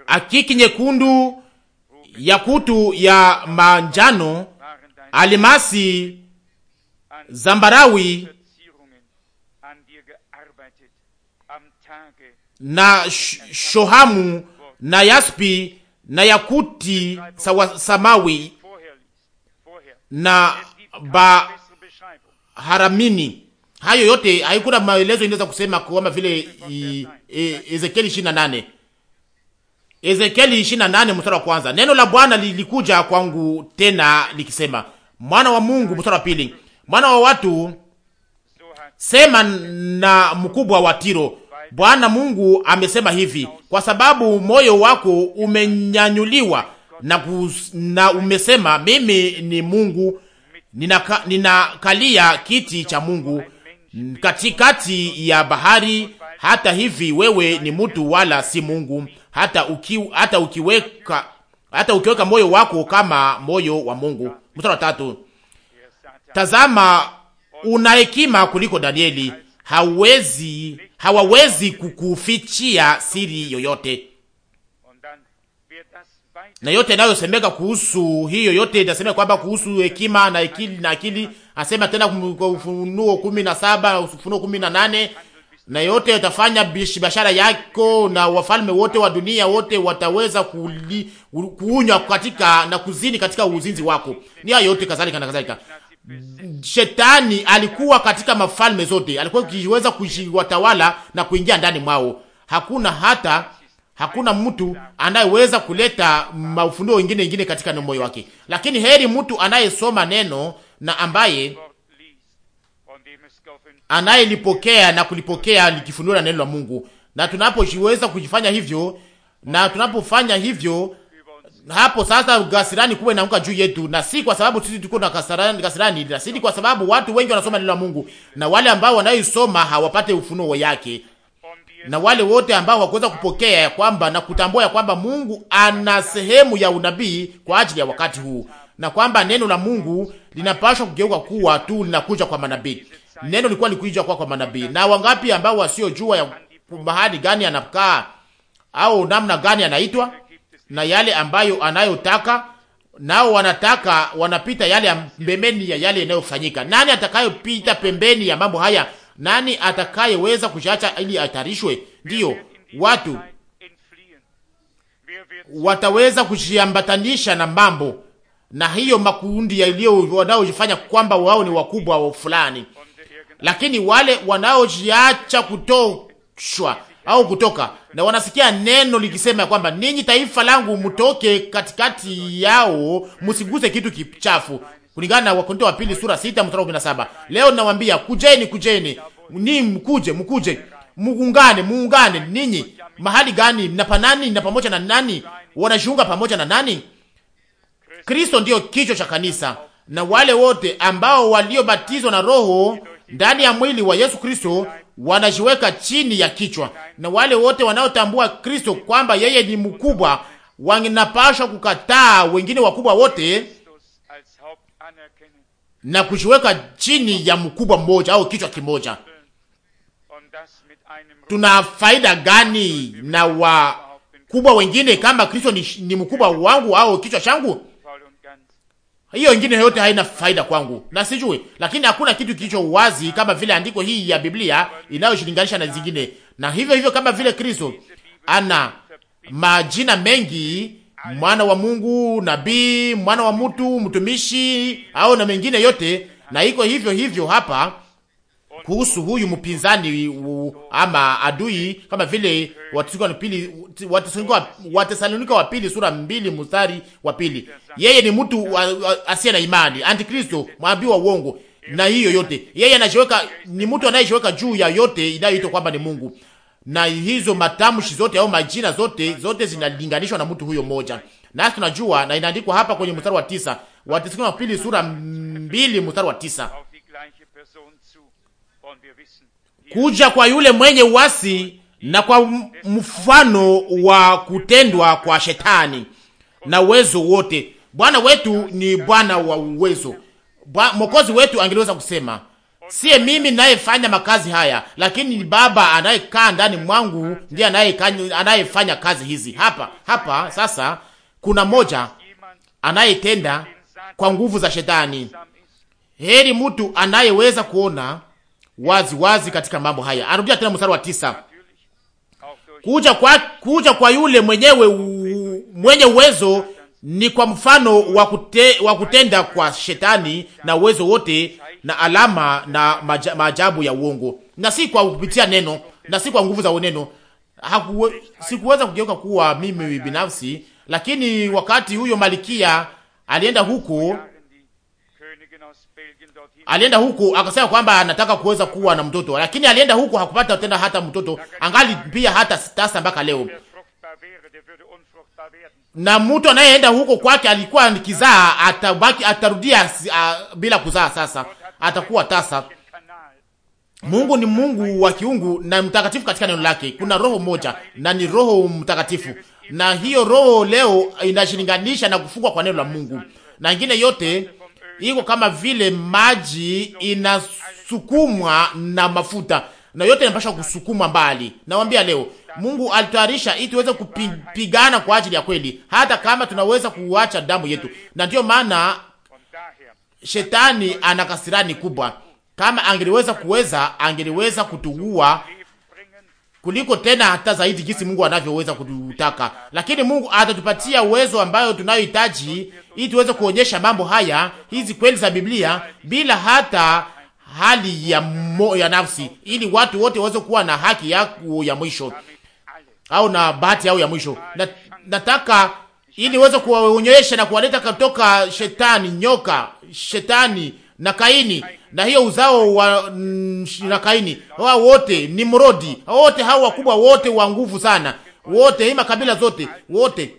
Speaker 1: akiki nyekundu, yakutu ya manjano, alimasi, zambarawi na shohamu na yaspi na yakuti sawa samawi na Baharamini. Hayo yote haikuna maelezo inaweza kusema kama vile e, Ezekieli 28 Ezekieli 28 mstari wa kwanza, neno la Bwana lilikuja kwangu tena likisema, mwana wa Mungu, mstari wa pili, mwana wa watu, sema na mkubwa wa Tiro, Bwana Mungu amesema hivi, kwa sababu moyo wako umenyanyuliwa na, kus, na umesema mimi ni Mungu ninakalia ninakalia kiti cha Mungu katikati ya bahari. Hata hivi wewe ni mtu wala si Mungu, hata, uki, hata, ukiweka, hata ukiweka moyo wako kama moyo wa Mungu. Mstari wa tatu, tazama una hekima kuliko Danieli, hawezi hawawezi kukufichia siri yoyote na yote inayosemeka kuhusu hiyo yote inasemeka kwamba kuhusu hekima na akili na akili, asema tena kwa Ufunuo 17 Ufunuo 18, na na yote yatafanya biashara yako na wafalme wote wa dunia wote wataweza kuli, kuunywa katika na kuzini katika uzinzi wako. Ni hayo yote kadhalika na kadhalika. Shetani alikuwa katika mafalme zote, alikuwa kiweza kujiwatawala na kuingia ndani mwao. Hakuna hata Hakuna mtu anayeweza kuleta maufunuo ingine ingine katika neno moyo wake, lakini heri mtu anayesoma neno na ambaye anayelipokea na kulipokea likifunuliwa neno la Mungu. Na tunapojiweza kujifanya hivyo na tunapofanya hivyo, hapo sasa gasirani kuwe inaanguka juu yetu, na si kwa sababu sisi tuko na kasirani gasirani, na si kwa sababu watu wengi wanasoma neno la Mungu na wale ambao wanaisoma hawapate ufunuo yake na wale wote ambao wakuweza kupokea ya kwamba na kutambua ya kwamba Mungu ana sehemu ya unabii kwa ajili ya wakati huu, na kwamba neno la Mungu linapashwa kugeuka kuwa tu linakuja kwa manabii. Neno likuwa likuja kwa kwa manabii. Na wangapi ambao wasiojua ya mahali gani anakaa au namna gani anaitwa na yale ambayo anayotaka nao wanataka wanapita yale pembeni ya yale yanayofanyika. Nani atakayopita pembeni ya mambo haya nani atakayeweza kushacha ili atarishwe? Ndiyo, watu wataweza kujiambatanisha na mambo na hiyo makundi yaliyo wanaojifanya kwamba wao ni wakubwa wa fulani, lakini wale wanaojiacha kutoshwa au kutoka na wanasikia neno likisema ya kwamba ninyi taifa langu, mtoke katikati yao, msiguse kitu kichafu, kulingana na Wakorintho wa pili sura sita mstari wa saba. Leo nawambia kujeni, kujeni, ni mkuje, mkuje, muungane, muungane. Ninyi mahali gani? Na panani? Na pamoja na nani? Wanajiunga pamoja na nani? Kristo ndiyo kichwa cha kanisa, na wale wote ambao waliobatizwa na Roho ndani ya mwili wa Yesu Kristo wanajiweka chini ya kichwa, na wale wote wanaotambua Kristo kwamba yeye ni mkubwa wanapashwa kukataa wengine wakubwa wote na kujiweka chini ya mkubwa mmoja au kichwa kimoja. Tuna faida gani na wakubwa wengine kama Kristo ni, ni mkubwa wangu au kichwa changu? Hiyo ingine yote haina faida kwangu na sijui, lakini hakuna kitu kilicho wazi kama vile andiko hii ya Biblia inayoshilinganisha na zingine, na hivyo hivyo kama vile Kristo ana majina mengi mwana wa Mungu, nabii, mwana wa mtu, mtumishi au na mengine yote, na iko hivyo hivyo hapa kuhusu huyu mpinzani ama adui kama vile Watesalonika wa pili sura mbili mstari wa pili. Yeye ni mtu asiye na imani, antikristo, mwambi wa uongo na hiyo yote. Yeye anajiweka ni mtu anayejiweka juu ya yote inayoitwa kwamba ni Mungu na hizo matamshi zote au majina zote zote zinalinganishwa na mtu huyo mmoja, nasi tunajua, na inaandikwa hapa kwenye mstari wa tisa wa Wathesalonike wa pili sura mbili mstari wa tisa kuja kwa yule mwenye uasi na kwa mfano wa kutendwa kwa shetani na uwezo wote. Bwana wetu ni Bwana wa uwezo, Mwokozi wetu angeliweza kusema Siye mimi ninayefanya makazi haya, lakini ni Baba anayekaa ndani mwangu ndiye anayefanya kazi hizi. Hapa hapa sasa kuna moja anayetenda kwa nguvu za Shetani. Heri mtu anayeweza kuona wazi wazi katika mambo haya. Anarudia tena mstari wa tisa. Kuja kwa, kuja kwa yule mwenyewe u, mwenye uwezo ni kwa mfano wa kute, wa kutenda kwa shetani na uwezo wote na alama na maajabu ya uongo, na si kwa kupitia neno na si kwa nguvu za neno. Sikuweza kugeuka kuwa mimi binafsi, lakini wakati huyo malikia alienda huku alienda huku akasema kwamba anataka kuweza kuwa na mtoto, lakini alienda huku hakupata tena hata mtoto, angali pia hata sitasa mpaka leo na mtu anayeenda huko kwake alikuwa nikizaa atabaki atarudia, uh, bila kuzaa. Sasa atakuwa tasa. Mungu ni Mungu wa kiungu na mtakatifu katika neno lake. Kuna roho moja na ni Roho Mtakatifu, na hiyo roho leo inashilinganisha na kufungwa kwa neno la Mungu, na ingine yote iko kama vile maji inasukumwa na mafuta, na yote inapasha kusukumwa mbali. Nawambia leo Mungu alitayarisha ili tuweze kupigana kwa ajili ya kweli, hata kama tunaweza kuacha damu yetu, na ndiyo maana shetani ana kasirani kubwa. Kama angeliweza kuweza, angeliweza kutuua kuliko tena hata zaidi jinsi Mungu anavyoweza kututaka, lakini Mungu atatupatia uwezo ambayo tunayohitaji ili tuweze kuonyesha mambo haya, hizi kweli za Biblia bila hata hali ya mo, ya nafsi, ili watu wote waweze kuwa na haki yao ya mwisho au na bahati yao ya mwisho. Nataka ili uweze kuwaonyesha na kuwaleta kutoka shetani nyoka, shetani na Kaini na hiyo uzao wa mm, na Kaini, hao wote ni mrodi, wote hao wakubwa wote wa nguvu sana, wote hii makabila zote wote.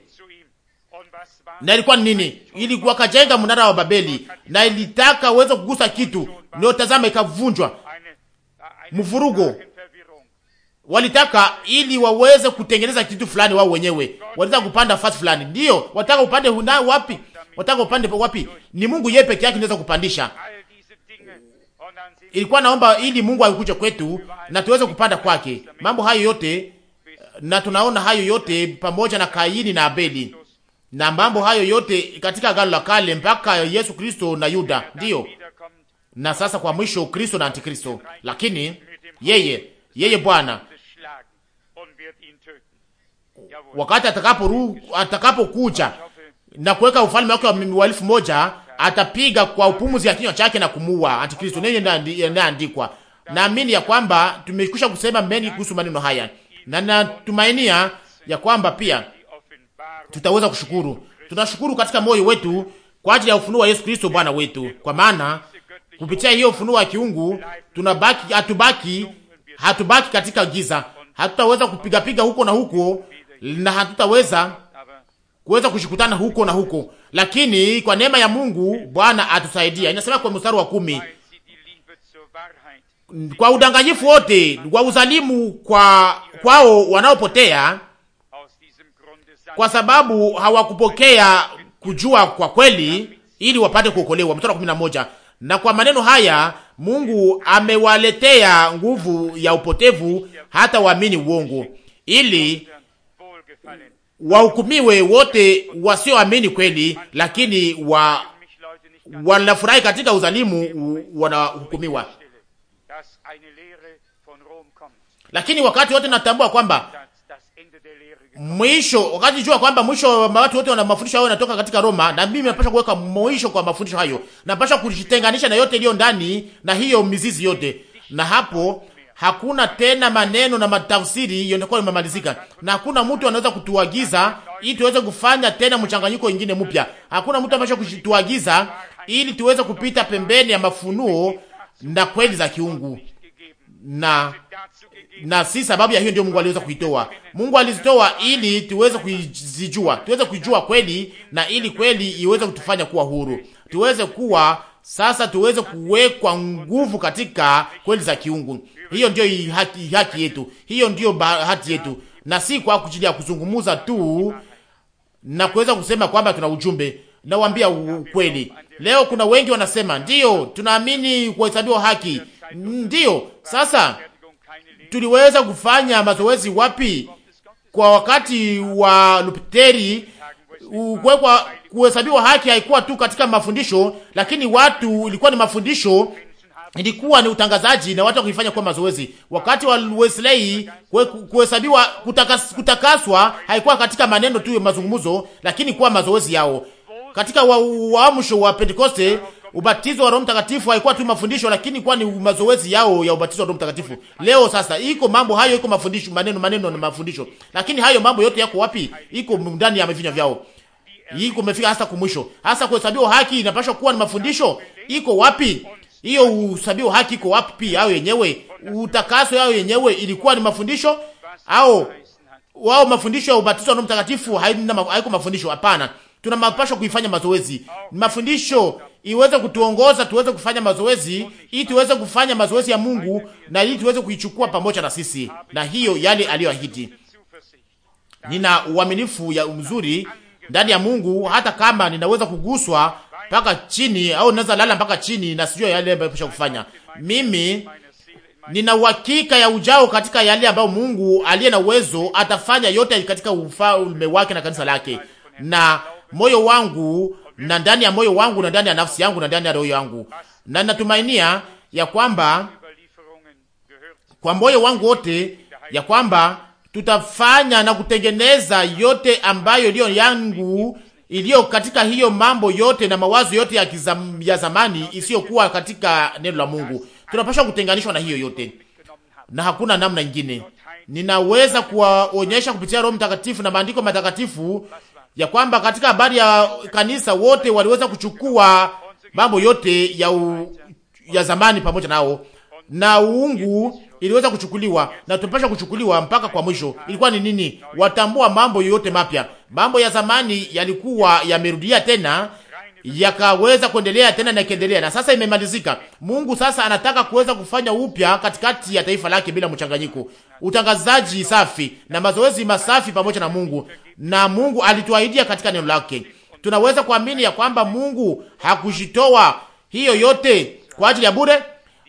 Speaker 1: Na ilikuwa nini? Ili wakajenga mnara wa Babeli, na ilitaka uweze kugusa kitu, ndio tazama, ikavunjwa mvurugo walitaka ili waweze kutengeneza kitu fulani wao wenyewe, walitaka kupanda fasi fulani. Ndio wataka upande huna wapi, wataka upande wapi? Ni Mungu yeye peke yake anaweza kupandisha. Ilikuwa naomba ili Mungu akuje kwetu na tuweze kupanda kwake. Mambo hayo yote na tunaona hayo yote pamoja na Kaini na Abeli na mambo hayo yote katika Agano la Kale mpaka Yesu Kristo na Yuda, ndio na sasa kwa mwisho Kristo na Antikristo, lakini yeye yeye Bwana wakati atakapokuja atakapo na kuweka ufalme wake wa elfu moja atapiga kwa upumuzi ya kinywa chake na kumuua Antikristo. Neno inaandikwa, naamini ya kwamba tumekwisha kusema mengi kuhusu maneno haya, na natumainia ya kwamba pia tutaweza kushukuru. Tunashukuru katika moyo wetu kwa ajili ya ufunuo wa Yesu Kristo Bwana wetu, kwa maana kupitia hiyo ufunuo wa kiungu tunabaki, hatubaki hatubaki katika giza, hatutaweza kupigapiga huko na huko na hatutaweza kuweza kushikutana huko na huko, lakini kwa neema ya Mungu Bwana atusaidia. Inasema kwa mstari wa kumi, kwa udanganyifu wote wa uzalimu kwa kwao wanaopotea, kwa sababu hawakupokea kujua kwa kweli, ili wapate kuokolewa. Mstari wa 11, na kwa maneno haya Mungu amewaletea nguvu ya upotevu hata waamini uongo, ili wahukumiwe wote wasioamini kweli, lakini wa wanafurahi katika uzalimu, wanahukumiwa. Lakini wakati wote natambua kwamba mwisho, wakati jua kwamba mwisho wa watu wote wana mafundisho hayo yanatoka katika Roma, na mimi napasha kuweka mwisho kwa mafundisho hayo, napasha kujitenganisha na yote iliyo ndani na hiyo mizizi yote, na hapo hakuna tena maneno na matafsiri yanakuwa yamemalizika, na hakuna mtu anaweza kutuagiza ili tuweze kufanya tena mchanganyiko mwingine mpya. Hakuna mtu ambaye kutuagiza ili tuweze kupita pembeni ya mafunuo na kweli za kiungu, na na si sababu ya hiyo ndio Mungu aliweza kuitoa. Mungu alizitoa ili tuweze kuzijua, tuweze kujua kweli, na ili kweli iweze kutufanya kuwa huru, tuweze kuwa sasa, tuweze kuwekwa nguvu katika kweli za kiungu. Hiyo ndio haki, haki yetu, hiyo ndio hati yetu, na si kwa ajili ya kuzungumuza tu na kuweza kusema kwamba tuna ujumbe. Nawaambia ukweli, leo kuna wengi wanasema ndio tunaamini kuhesabiwa haki. ndio sasa tuliweza kufanya mazoezi wapi? Kwa wakati wa Lupteri kuwekwa kuhesabiwa haki haikuwa tu katika mafundisho, lakini watu ilikuwa ni mafundisho ilikuwa ni utangazaji na watu wakifanya kuwa mazoezi. Wakati wa Wesley kuhesabiwa kutakas, kutakaswa haikuwa katika maneno tu ya mazungumzo, lakini kuwa mazoezi yao katika waamsho wa, wa wa Pentekoste ubatizo wa Roho Mtakatifu haikuwa tu mafundisho, lakini kwa ni mazoezi yao ya ubatizo wa Roho Mtakatifu. Leo sasa iko mambo hayo, iko mafundisho, maneno maneno na mafundisho, lakini hayo mambo yote yako wapi? Iko ndani ya vinywa vyao. Hii kumefika hasa kumwisho, hasa kuhesabiwa haki inapaswa kuwa ni mafundisho, iko wapi? Hiyo usabihu haki iko wapi? Pia hao yenyewe utakaso yao yenyewe ilikuwa ni mafundisho au wao mafundisho ya ubatizo na mtakatifu haiko mafundisho. Hapana, tuna mapasho kuifanya mazoezi mafundisho iweze kutuongoza tuweze kufanya mazoezi, ili tuweze kufanya mazoezi ya Mungu na ili tuweze kuichukua pamoja na sisi, na hiyo yale aliyoahidi. Nina uaminifu ya mzuri ndani ya Mungu, hata kama ninaweza kuguswa mpaka chini, au naweza lala mpaka chini na sijua yale ambayo nimesha kufanya. Mimi nina uhakika ya ujao katika yale ambayo Mungu aliye na uwezo atafanya yote katika ufalme wake na kanisa lake, na moyo wangu na ndani ya moyo wangu na ndani ya nafsi yangu na ndani ya roho yangu, na natumainia ya kwamba kwa moyo wangu wote ya kwamba tutafanya na kutengeneza yote ambayo iliyo yangu iliyo katika hiyo mambo yote na mawazo yote ya, kizam, ya zamani isiyokuwa katika neno la Mungu. Tunapaswa kutenganishwa na hiyo yote na hakuna namna ingine. Ninaweza kuwaonyesha kupitia Roho Mtakatifu na maandiko matakatifu ya kwamba katika habari ya kanisa wote waliweza kuchukua mambo yote ya, u, ya zamani pamoja nao na uungu iliweza kuchukuliwa na tupasha kuchukuliwa mpaka kwa mwisho. Ilikuwa ni nini? Watambua mambo yoyote mapya, mambo ya zamani yalikuwa yamerudia tena yakaweza kuendelea tena na kiendelea, na sasa imemalizika. Mungu sasa anataka kuweza kufanya upya katikati ya taifa lake bila mchanganyiko, utangazaji safi na mazoezi masafi pamoja na Mungu, na Mungu alituahidia katika neno lake. Tunaweza kuamini ya kwamba Mungu hakujitoa hiyo yote kwa ajili ya bure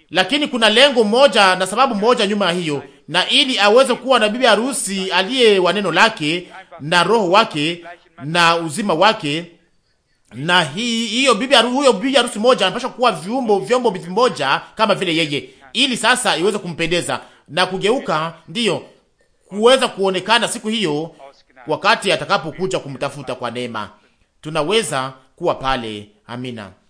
Speaker 1: lakini kuna lengo moja na sababu moja nyuma ya hiyo, na ili aweze kuwa na bibi harusi aliye wa neno lake na roho wake na uzima wake. Na hii hiyo bibi huyo bibi harusi moja anapaswa kuwa viumbo vyombo vimoja kama vile yeye, ili sasa iweze kumpendeza na kugeuka, ndiyo kuweza kuonekana siku hiyo, wakati atakapokuja kumtafuta kwa neema, tunaweza kuwa pale. Amina.